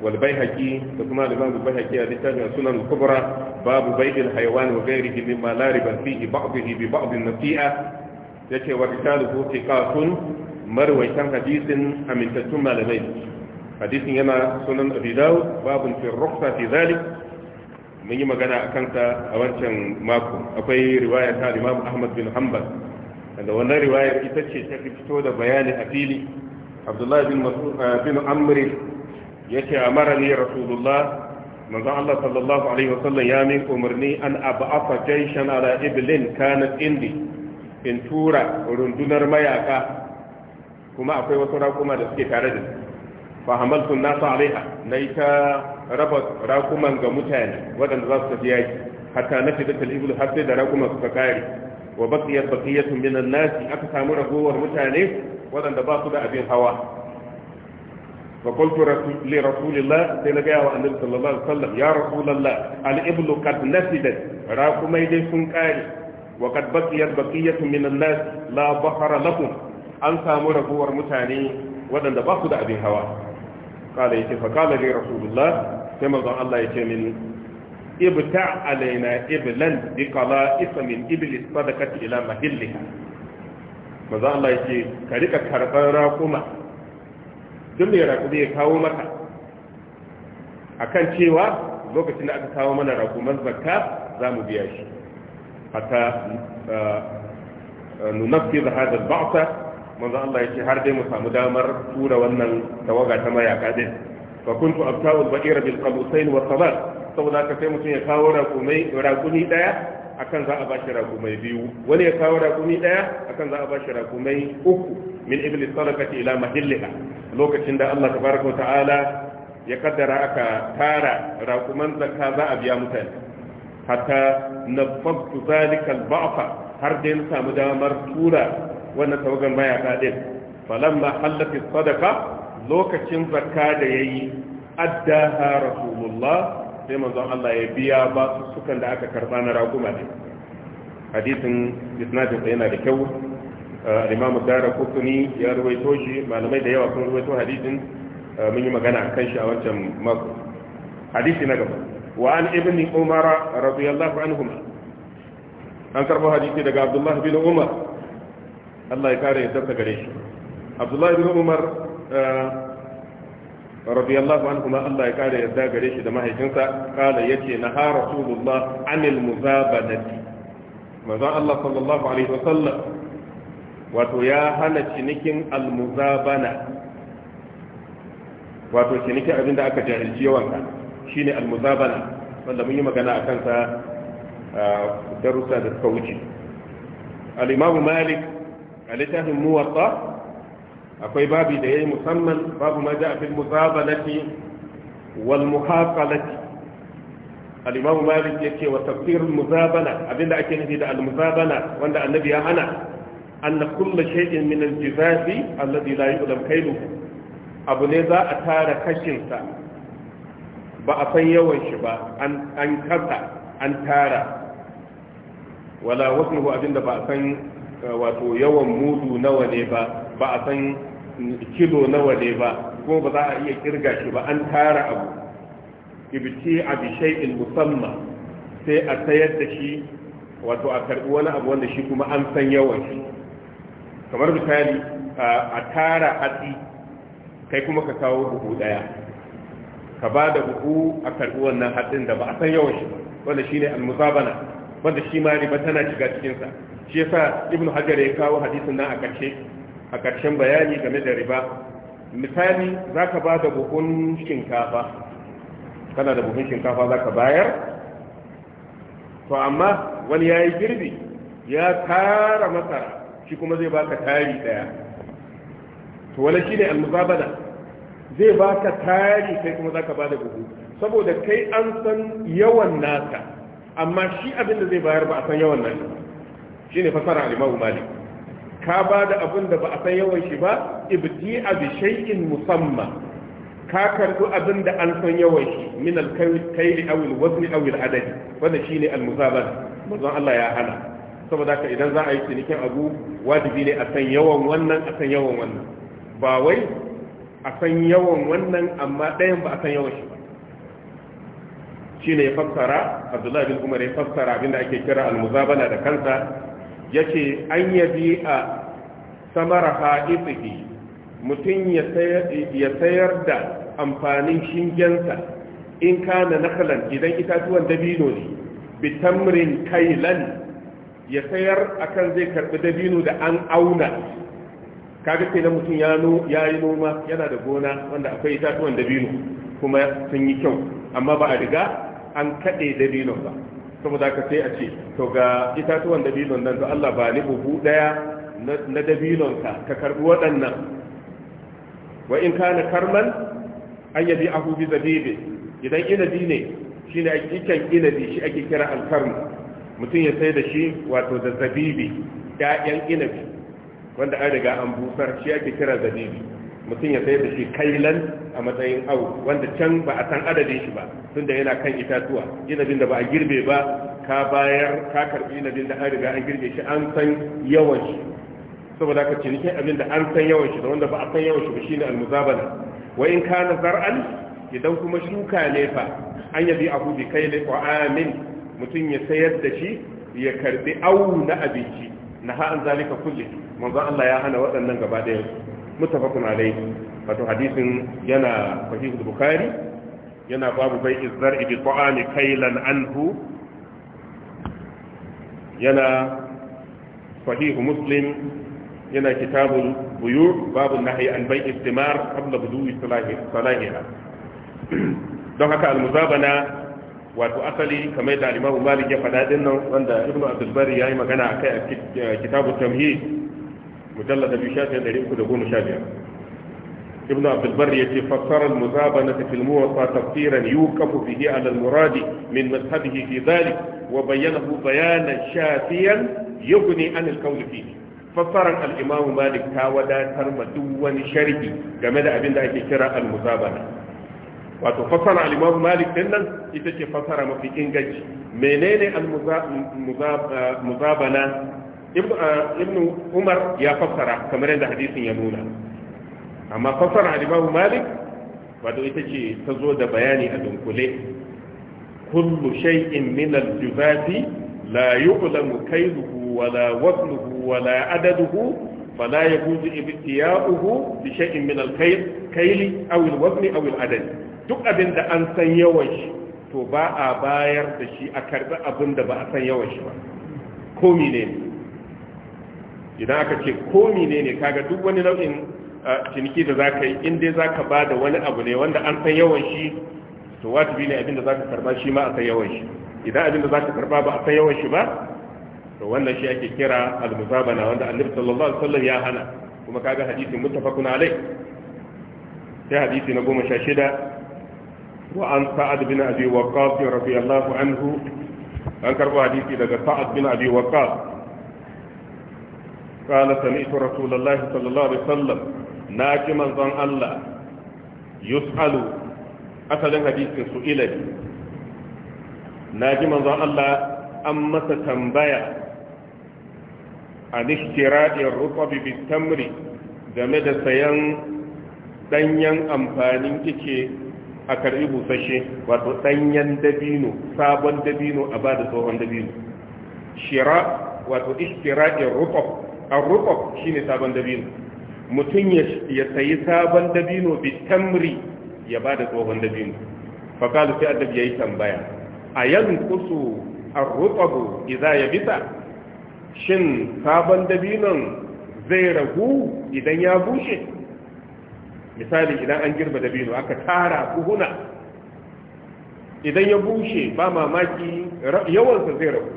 wal baihaqi da kuma al-imam al-baihaqi a sunan kubra babu baydil hayawan wa ghayrihi mimma la riba fihi ba'dihi bi ba'd an-nasi'a yace wa risaluhu thiqatun marwaytan hadisin amintattun malamai hadisin yana sunan abi dawud babun fi fi zalik mun yi magana a kanta a wancan mako akwai riwayar ta imam ahmad bin hanbal da wannan riwayar ita ce ta fito da bayani a fili abdullahi bin yace amarani rasulullah manzo Allah sallallahu alaihi wasallam ya min umarni an ab'afa jayshan ala iblin kanat indi in tura rundunar mayaka kuma akwai wasu rakuma da suke tare da ni fa hamaltu nasa alaiha nayi ta raba rakuman ga mutane wadanda za su tafi yaki hatta nafi da talibul har sai da rakuman suka kare wa baqiyat baqiyatun minan nasi aka samu ragowar mutane waɗanda ba su da abin hawa فقلت لرسول الله سنجا والنبي صلى الله عليه وسلم يا رسول الله الإبل قد نفدت راكم يدي سنكاري وقد بقيت بقية من الناس لا بحر لكم أن سامر بور متاني ودن باخد أبي هوا قال يتي فقال لي رسول الله كما قال الله يتي من ابتع علينا إبلا بقلائف من إبل الصدقة إلى مهلها maza الله يتي كاريكا rika karɓar don ya raƙumi ya kawo maka akan cewa lokacin da aka kawo mana raƙuman zakka za mu biya shi hatta uh, uh, nunafi da hadar ba'asa manzo Allah ya ce har dai mu samu damar tura wannan tawaga ta mayaka din fa kuntu abta'ul ba'ira bil qamusain wa salat saboda ka sai mutum ya kawo raƙumai raƙumi daya akan za a bashi raƙumai biyu wani ya kawo rakumi daya akan za a bashi rakumai uku min ibli sadaqati ila mahalliha lokacin da Allah tabaraka wa ta'ala ya kaddara aka tara raƙuman zakka za a biya mutane hatta nafaftu zalika al-ba'fa har dai na samu damar tura wannan tawagan mayaka din falamma hallat sadaka lokacin zakka da yayi addaha rasulullah sai manzon Allah ya biya ba sukan da aka karba na raƙuma ne hadisin isnadin yana da kyau Eh, al-imam ad-darqutni ya ruwaito shi malamai da yawa sun ruwaito hadisin eh, mun yi magana a kan shi a wancan mako hadisi na gaba wa an ibn umar radiyallahu anhum an karbo hadisi daga abdullah bin umar Allah ya kare ya tsaka gare shi abdullah bin umar eh, radiyallahu anhuma Allah ya kare yadda gare shi da mahaifinsa kala yace na ha rasulullah anil muzabadati manzo Allah sallallahu alaihi wasallam wato ya hana cinikin almuzabana wato cinikin abin da aka jahilci yawanka shine almuzabana wanda mun yi magana a kansa darussa da suka wuce al'imamu malik a littafin muwatsa akwai babi da ya yi musamman babu ma ja abin muzabanati wal muhaqalati al'imamu malik ya ce wa tafsirin muzabana abinda ake nufi da al-muzabana wanda annabi ya hana An kullu shay'in min al-jifafi abu ne za a tara kashin sa ba a san yawan ba an kasa an tara wala wasnuhu abinda ba a san wato yawan mudu nawa ne ba ba a san kilo nawa ne ba ba za a iya kirga shi ba an tara abu ibti sai a sayar da shi wato a karbi wani abu wanda shi kuma an san yawan shi kamar misali a tara hatsi kai kuma ka kawo buhu daya ka ba da buhu a karbi wannan hatsin da ba a san yawan shi wanda ne almuzabana wanda shi ma riba tana shiga cikinsa shi shi yasa ibnu hajar ya kawo hadisin nan a karshe a karshen bayani game da riba misali ka ba da buhun shinkafa kana da buhun shinkafa za ka bayar to amma wani ya yi girbi ya tara masara shi kuma zai baka tari daya to wala ne almuzabada zai baka tari kai kuma zaka bada buhu saboda kai an san yawan naka amma shi abin da zai bayar ba a san yawan naka ne fasara al-Imam Malik ka da abin da ba a san yawan shi ba Ibdi bi shay'in musamma ka karbi abin da an san yawan shi min al-kayl aw al-wazn aw al-adad wannan shine al-muzabada manzon Allah ya hana saboda ka idan za a yi cinikin abu wajibi ne a san yawan wannan a san yawan wannan ba wai a san yawan wannan amma ɗayan ba a san yawan shi ba shi ne ya fassara abdullahi bin umar ya fassara abinda ake kira almuzabana da kansa ya ce an yabi a samara ha'itsihi mutum ya sayar da amfanin shingensa in kana nakalan idan itatuwan dabino ne bitamrin kailan ya sayar akan zai karbi dabino da an auna kaga sai na mutum ya yi noma yana da gona wanda akwai itatuwan dabino kuma sun yi kyau amma ba a riga an kaɗe dabino ba saboda ka sai a ce to ga itatuwan dabinon nan to Allah ba ni buhu daya na dabinon ka ka karbi waɗannan wa in kana karman an yabi ahu bi zabibi idan inabi ne shine hakikan inabi shi ake kira alkarmu mutum ya sai da shi wato da zabibi ƴaƴan inabi wanda an riga an busar shi ake kira zabibi mutum ya sai da shi kailan a matsayin au wanda can ba a san adadin shi ba tunda yana kan itatuwa inabin da ba a girbe ba ka bayar ka karbi inabin da an riga an girbe shi an san yawan shi saboda ka ciniki abin da an san yawan shi da wanda ba a san yawan shi ba shine almuzabala wa in kana zar'an idan kuma shuka ne fa an yabi abu bi kaili wa amin mutum ya sayar da shi ya karbi awu na abinci na ha'an zalika kulle manzo Allah ya hana waɗannan gaba ɗaya mutafakun alai wato hadisin yana sahih bukhari yana babu bai izzar ibi ta'ami kailan anhu yana sahih muslim yana kitabul buyu babu nahyi an bai istimar qabla budu'i salahiha don haka al-muzabana wato asali kamar da alimamu malik ya faɗa din nan wanda ibnu abdulbari ya yi magana a kai a eh, kitabu tamhi mujalla da biyu shafin ɗari uku da goma sha biyar ibnu abdulbari ya ce fassara muzaba na tafil muwasa tafsiran yukafu fihi ala muradi min mazhabihi fi dhalik wa bayyanahu bayanan shafiyan yughni an al-qawl fihi fassaran al-imamu malik ta wadatar ma duk wani sharhi game da abin da ake kira al-muzabana wato fasara al-Imam Malik din nan ita ce fasara mafi inganci menene al-muzabana ibn Umar ya fassara kamar yadda hadisin ya nuna amma fasara al-Imam Malik wato ita ce ta zo da bayani a dunkule kullu shay'in min al-juzati la yu'lamu kayduhu wala wasluhu la adaduhu فلا يجوز ابتياؤه بشيء من الكيل كيل أو الوزن أو العدد duk abin da an san yawan shi to ba a bayar da shi a karbi abin da ba a san yawan shi ba ko ne idan aka ce ko ne ne kaga duk wani nau'in ciniki da za ka yi in dai za ka ba da wani abu ne wanda an san yawan shi to bi ne abin da za ka karba shi ma a san yawan shi idan abin da za ka karba ba a san yawan shi ba to wannan shi ake kira al-muzabana wanda annabi sallallahu alaihi wasallam ya hana kuma kaga hadisi muttafaqun alai sai hadisi na goma sha shida وعن سعد بن أبي وقاص رضي الله عنه أنكر حديثي لك سعد بن أبي وقاص قال سمعت رسول الله صلى الله عليه وسلم ناجما ظن الله يسأل أسأل حديث سئلني ناجما ظن الله أما تنبيا عن اشتراء الرطب بالتمر game da sayan danyen amfanin ice a karbi busasshe wato danyen dabino sabon dabino a bada tsohon dabino shira wato istira'in a an shi ne sabon dabino mutum ya sayi sabon dabino bitamri ya ba da tsohon dabino fakalu sai adab yi tambaya a a ar iza ya bisa? shin sabon dabinon zai ragu idan ya bushe misali idan an girba dabino aka tara buhuna idan ya bushe ba mamaki yawansa zai rabu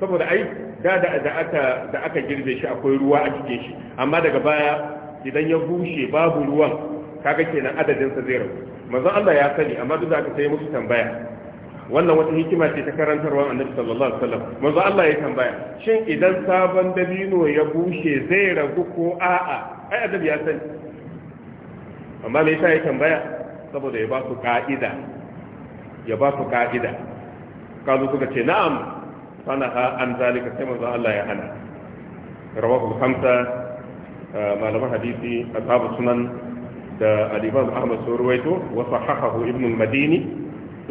saboda ai da da aka da aka girbe shi akwai ruwa a cikin shi amma daga baya idan ya bushe babu ruwan kaga kenan adadin sa zai rabu manzon Allah ya sani amma duk da aka sai musu tambaya wannan wata hikima ce ta karantarwa annabi sallallahu alaihi wasallam manzon Allah ya tambaya shin idan sabon dabino ya bushe zai rabu ko a'a ai adabi ya sani amma me yasa ya tambaya saboda ya ba ku ka'ida ya ba ku ka'ida kazu kuka ce na'am sana ha an zalika sai manzo Allah ya hana rawahu khamsa malaman hadisi ashabu sunan da al-Imam Ahmad surwaito wa sahahahu Ibn al-Madini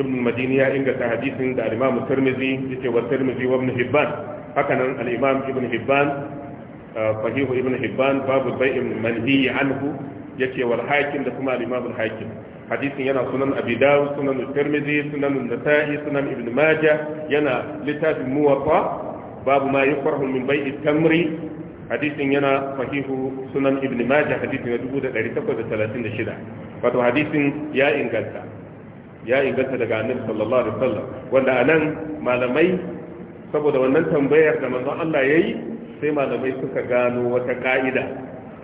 Ibn al-Madini ya inganta hadisin da al-Imam Tirmidhi yace wa Tirmidhi wa Ibn Hibban haka nan al-Imam Ibn Hibban fahihu Ibn Hibban babu bai'in manhi anhu yace wal hakim da kuma al-imam al-hakim hadisin yana sunan abi dawud sunan tirmidhi sunan nasa'i sunan ibn majah yana littafin muwatta babu ma yukrahu min bai'i tamri hadisin yana sahihu sunan ibn majah hadisin 1836 wato hadisin ya inganta ya inganta daga annabi sallallahu alaihi wasallam wanda anan malamai saboda wannan tambayar da manzon Allah yayi sai malamai suka gano wata ka'ida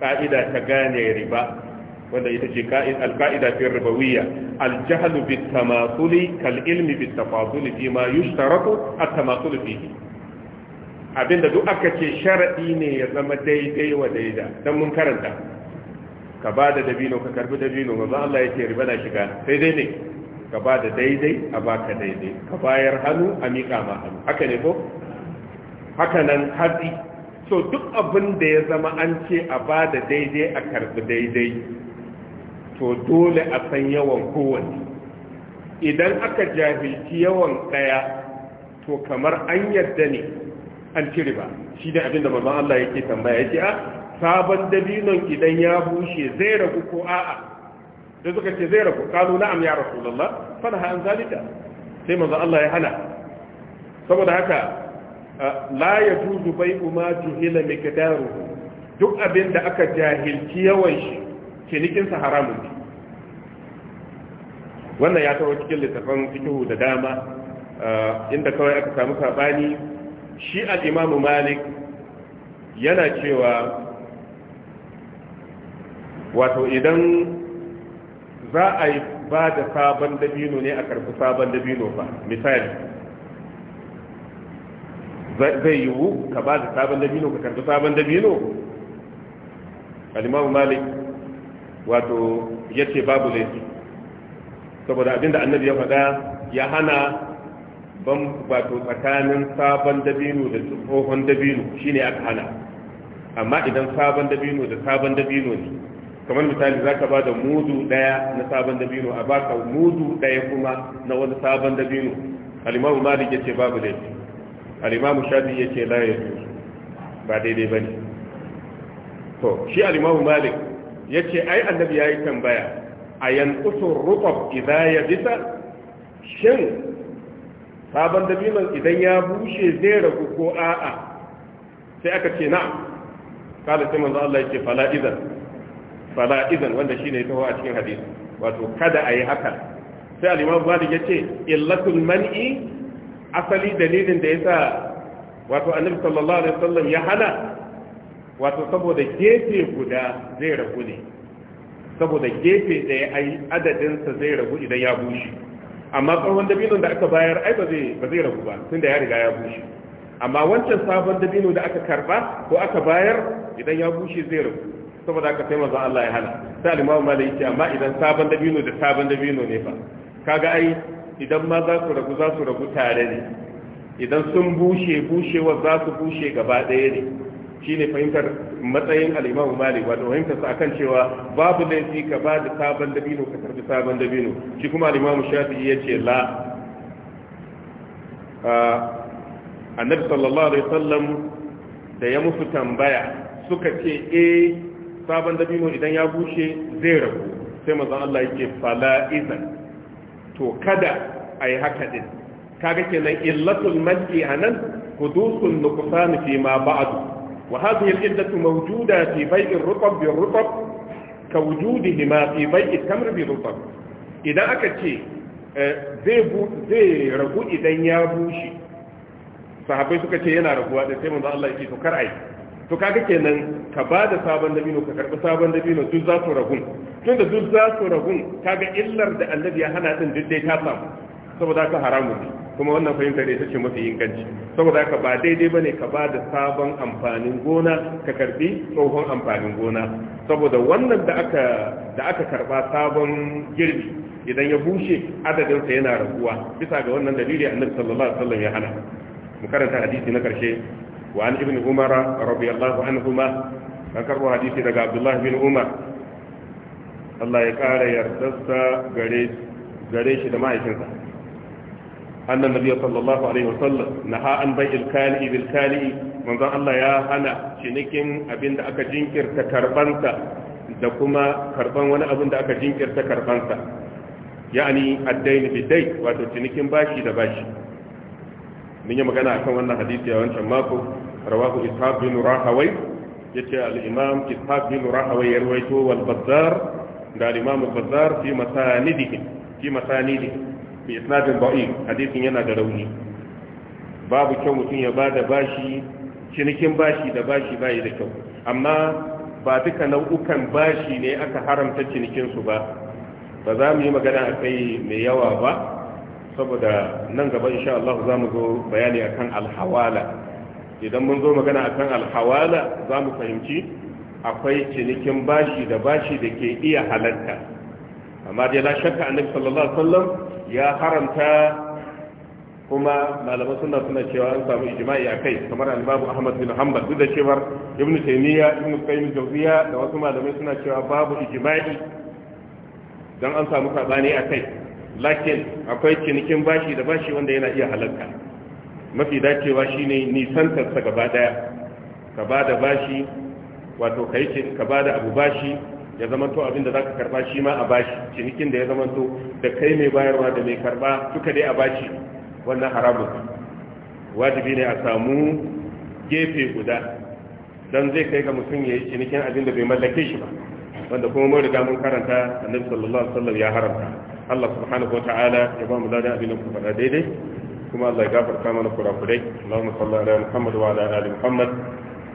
ka'ida ta gane riba wanda ita ce alka'ida fi rubawiyya aljahlu bit tamasuli kal ilmi bit tafasuli fi ma yushtaratu at tamasul fihi abinda duk aka ce sharadi ne ya zama daidai wa daida dan mun karanta ka ba da dabino ka karbi dabino manzo Allah yake riba na shiga Sai dai ne ka ba da daidai a baka daidai ka bayar hannu a miƙa ma hannu haka ne ko haka nan hatsi so duk abin da ya zama an ce a ba da daidai a karbi daidai to dole a san yawan kowanne idan aka jahilci yawan ɗaya to kamar an yarda ne an cire ba. shi da abinda babban Allah yake tambaya yake a ah, sabon dabinon idan ya bushe zai ragu ko a'a da suka ce zai ragu kanu na'am ya rasulullah falaha an zalika sai manzo Allah ya hana saboda haka ah, la yajuzu bai'u ma juhila miqdaruhu duk abinda aka jahilci yawan shi cinikinsa haramun ne wannan ya tawo cikin littafin fikihu da dama eh, inda kawai aka samu sabani shi al-imamu malik yana cewa wato idan za a yi ba da sabon dabino ne a karfi sabon dabino ba misali zai yiwu ka ba da sabon dabino ka karfi sabon dabino al’imamu malik wato ya ce babu laifi saboda abinda annabi ya faɗa ya hana ban wato tsakanin sabon dabino da tsohon dabino shine aka hana amma idan sabon dabino da sabon dabino ne kamar misali za ka ba da mudu ɗaya na sabon dabino a baka mudu ɗaya kuma na wani sabon dabino alimamu malik ya ce babu laifi alimamu shafi ya ce la ba daidai ba ne to shi alimamu malik yace ai annabi ya yi tambaya a yanqusu idan ya bisa shin sabon dabinon idan ya bushe zai ragu ko a'a sai aka ce na'am kala sai manzo Allah yake fala idan fala wanda shine ya taho a cikin hadisi wato kada ayi haka sai al'imam malik ya ce illatul man'i asali dalilin da ya sa wato annabi sallallahu alaihi wasallam ya hana wato saboda gefe guda zai ragu ne saboda gefe ɗaya ai adadinsa zai ragu idan ya bushe amma tsohon dabinon da aka bayar ai ba zai ragu ba tun da ya riga ya bushe amma wancan sabon dabino da aka karba ko aka bayar idan ya bushe zai ragu saboda aka sai manzo Allah ya hana sai alimamu malai ce amma idan sabon dabino da sabon dabino ne fa kaga ai idan ma za su ragu za su ragu tare ne idan sun bushe bushewa za su bushe gaba ɗaya ne shine fahimtar matsayin al-Imam Malik wato fahimtar sa akan cewa babu laifi ka ba da sabon dabino ka karbi sabon dabino shi kuma al-Imam Shafi'i ce la annabi sallallahu alaihi wasallam da ya musu tambaya suka ce eh sabon dabino idan ya bushe zai rabu sai manzon Allah yake fala izan to kada ayi haka din kaga kenan illatul maddi anan hudusun nuqsan fi ma ba'adu. وهذه العدة موجودة في بيع الرطب بالرطب كوجودهما في بيع التمر بالرطب إذا أكتشي zai ragu idan ya bushe sahabai suka ce yana raguwa da sai manzo Allah yake to kar ai to kaga kenan ka ba da sabon dabino ka karbi sabon dabino duk za su ragun tunda duk za su kaga illar da annabi ya hana sin da dai ta samu saboda ka haramun ne kuma wannan fahimta da ita ce mafi inganci saboda ka ba daidai ba ne ka ba da sabon amfanin gona ka karbi tsohon amfanin gona saboda wannan da aka da aka karba sabon girbi idan ya bushe adadin sa yana raguwa bisa ga wannan dalili annabi sallallahu alaihi wasallam ya hana mu karanta hadisi na karshe wa an ibnu umar radiyallahu anhuma an karbo hadisi daga abdullahi bin umar Allah ya kara yardarsa gare gare shi da mahaifinsa أن النبي صلى الله عليه وسلم نهى عن بيع الكالئ بالكالئ من ذا الله يا هنا شنكين أبين دا أكا جنكر تكربانتا دا كربان وانا أبين دا أكا جنكر تكربانتا يعني الدين بالدين واتو شنكين باشي دا باشي من يوم كان أكا وانا يا وانشا ماكو رواه إسحاق بن راهوي يتي الإمام إسحاق بن راهوي يرويته والبزار دا الإمام البزار في مساندهم في مساندهم bi isnadin da'if hadisin yana da rauni babu kyau mutum ya bada bashi cinikin bashi da bashi bai da kyau amma ba duka nau'ukan bashi ne aka haramta cinikin su ba ba za mu yi magana a mai yawa ba saboda nan gaba insha Allah za mu zo bayani akan alhawala idan mun zo magana akan alhawala za mu fahimci akwai cinikin bashi da bashi da ke iya halatta amma dai la shakka annabi sallallahu alaihi wasallam ya haramta kuma malaman sunna suna cewa an samu ijma'i kai kamar al-babu Ahmad bin Hanbal duk da cewar Ibn Taymiya Ibn Qayyim Jawziyya da wasu malamai suna cewa babu ijma'i dan an samu sabani akai lakin akwai cinikin bashi da bashi wanda yana iya halarta mafi dacewa shine nisantar sa gaba daya ka bada bashi wato kai ka bada abu bashi ya zamanto abin da za ka karba shi ma a bashi cinikin da ya zamanto da kai mai bayarwa da mai karba duka dai a bashi wannan haramun wajibi ne a samu gefe guda don zai kai ka mutum ya yi cinikin abin da bai mallake shi ba wanda kuma mun riga mun karanta annabi sallallahu alaihi wasallam ya haramta Allah subhanahu wataala ya ba mu ladan abin da muka faɗa daidai kuma Allah ya gafarta mana kurakurai Allahumma salli ala Muhammad wa ala ali Muhammad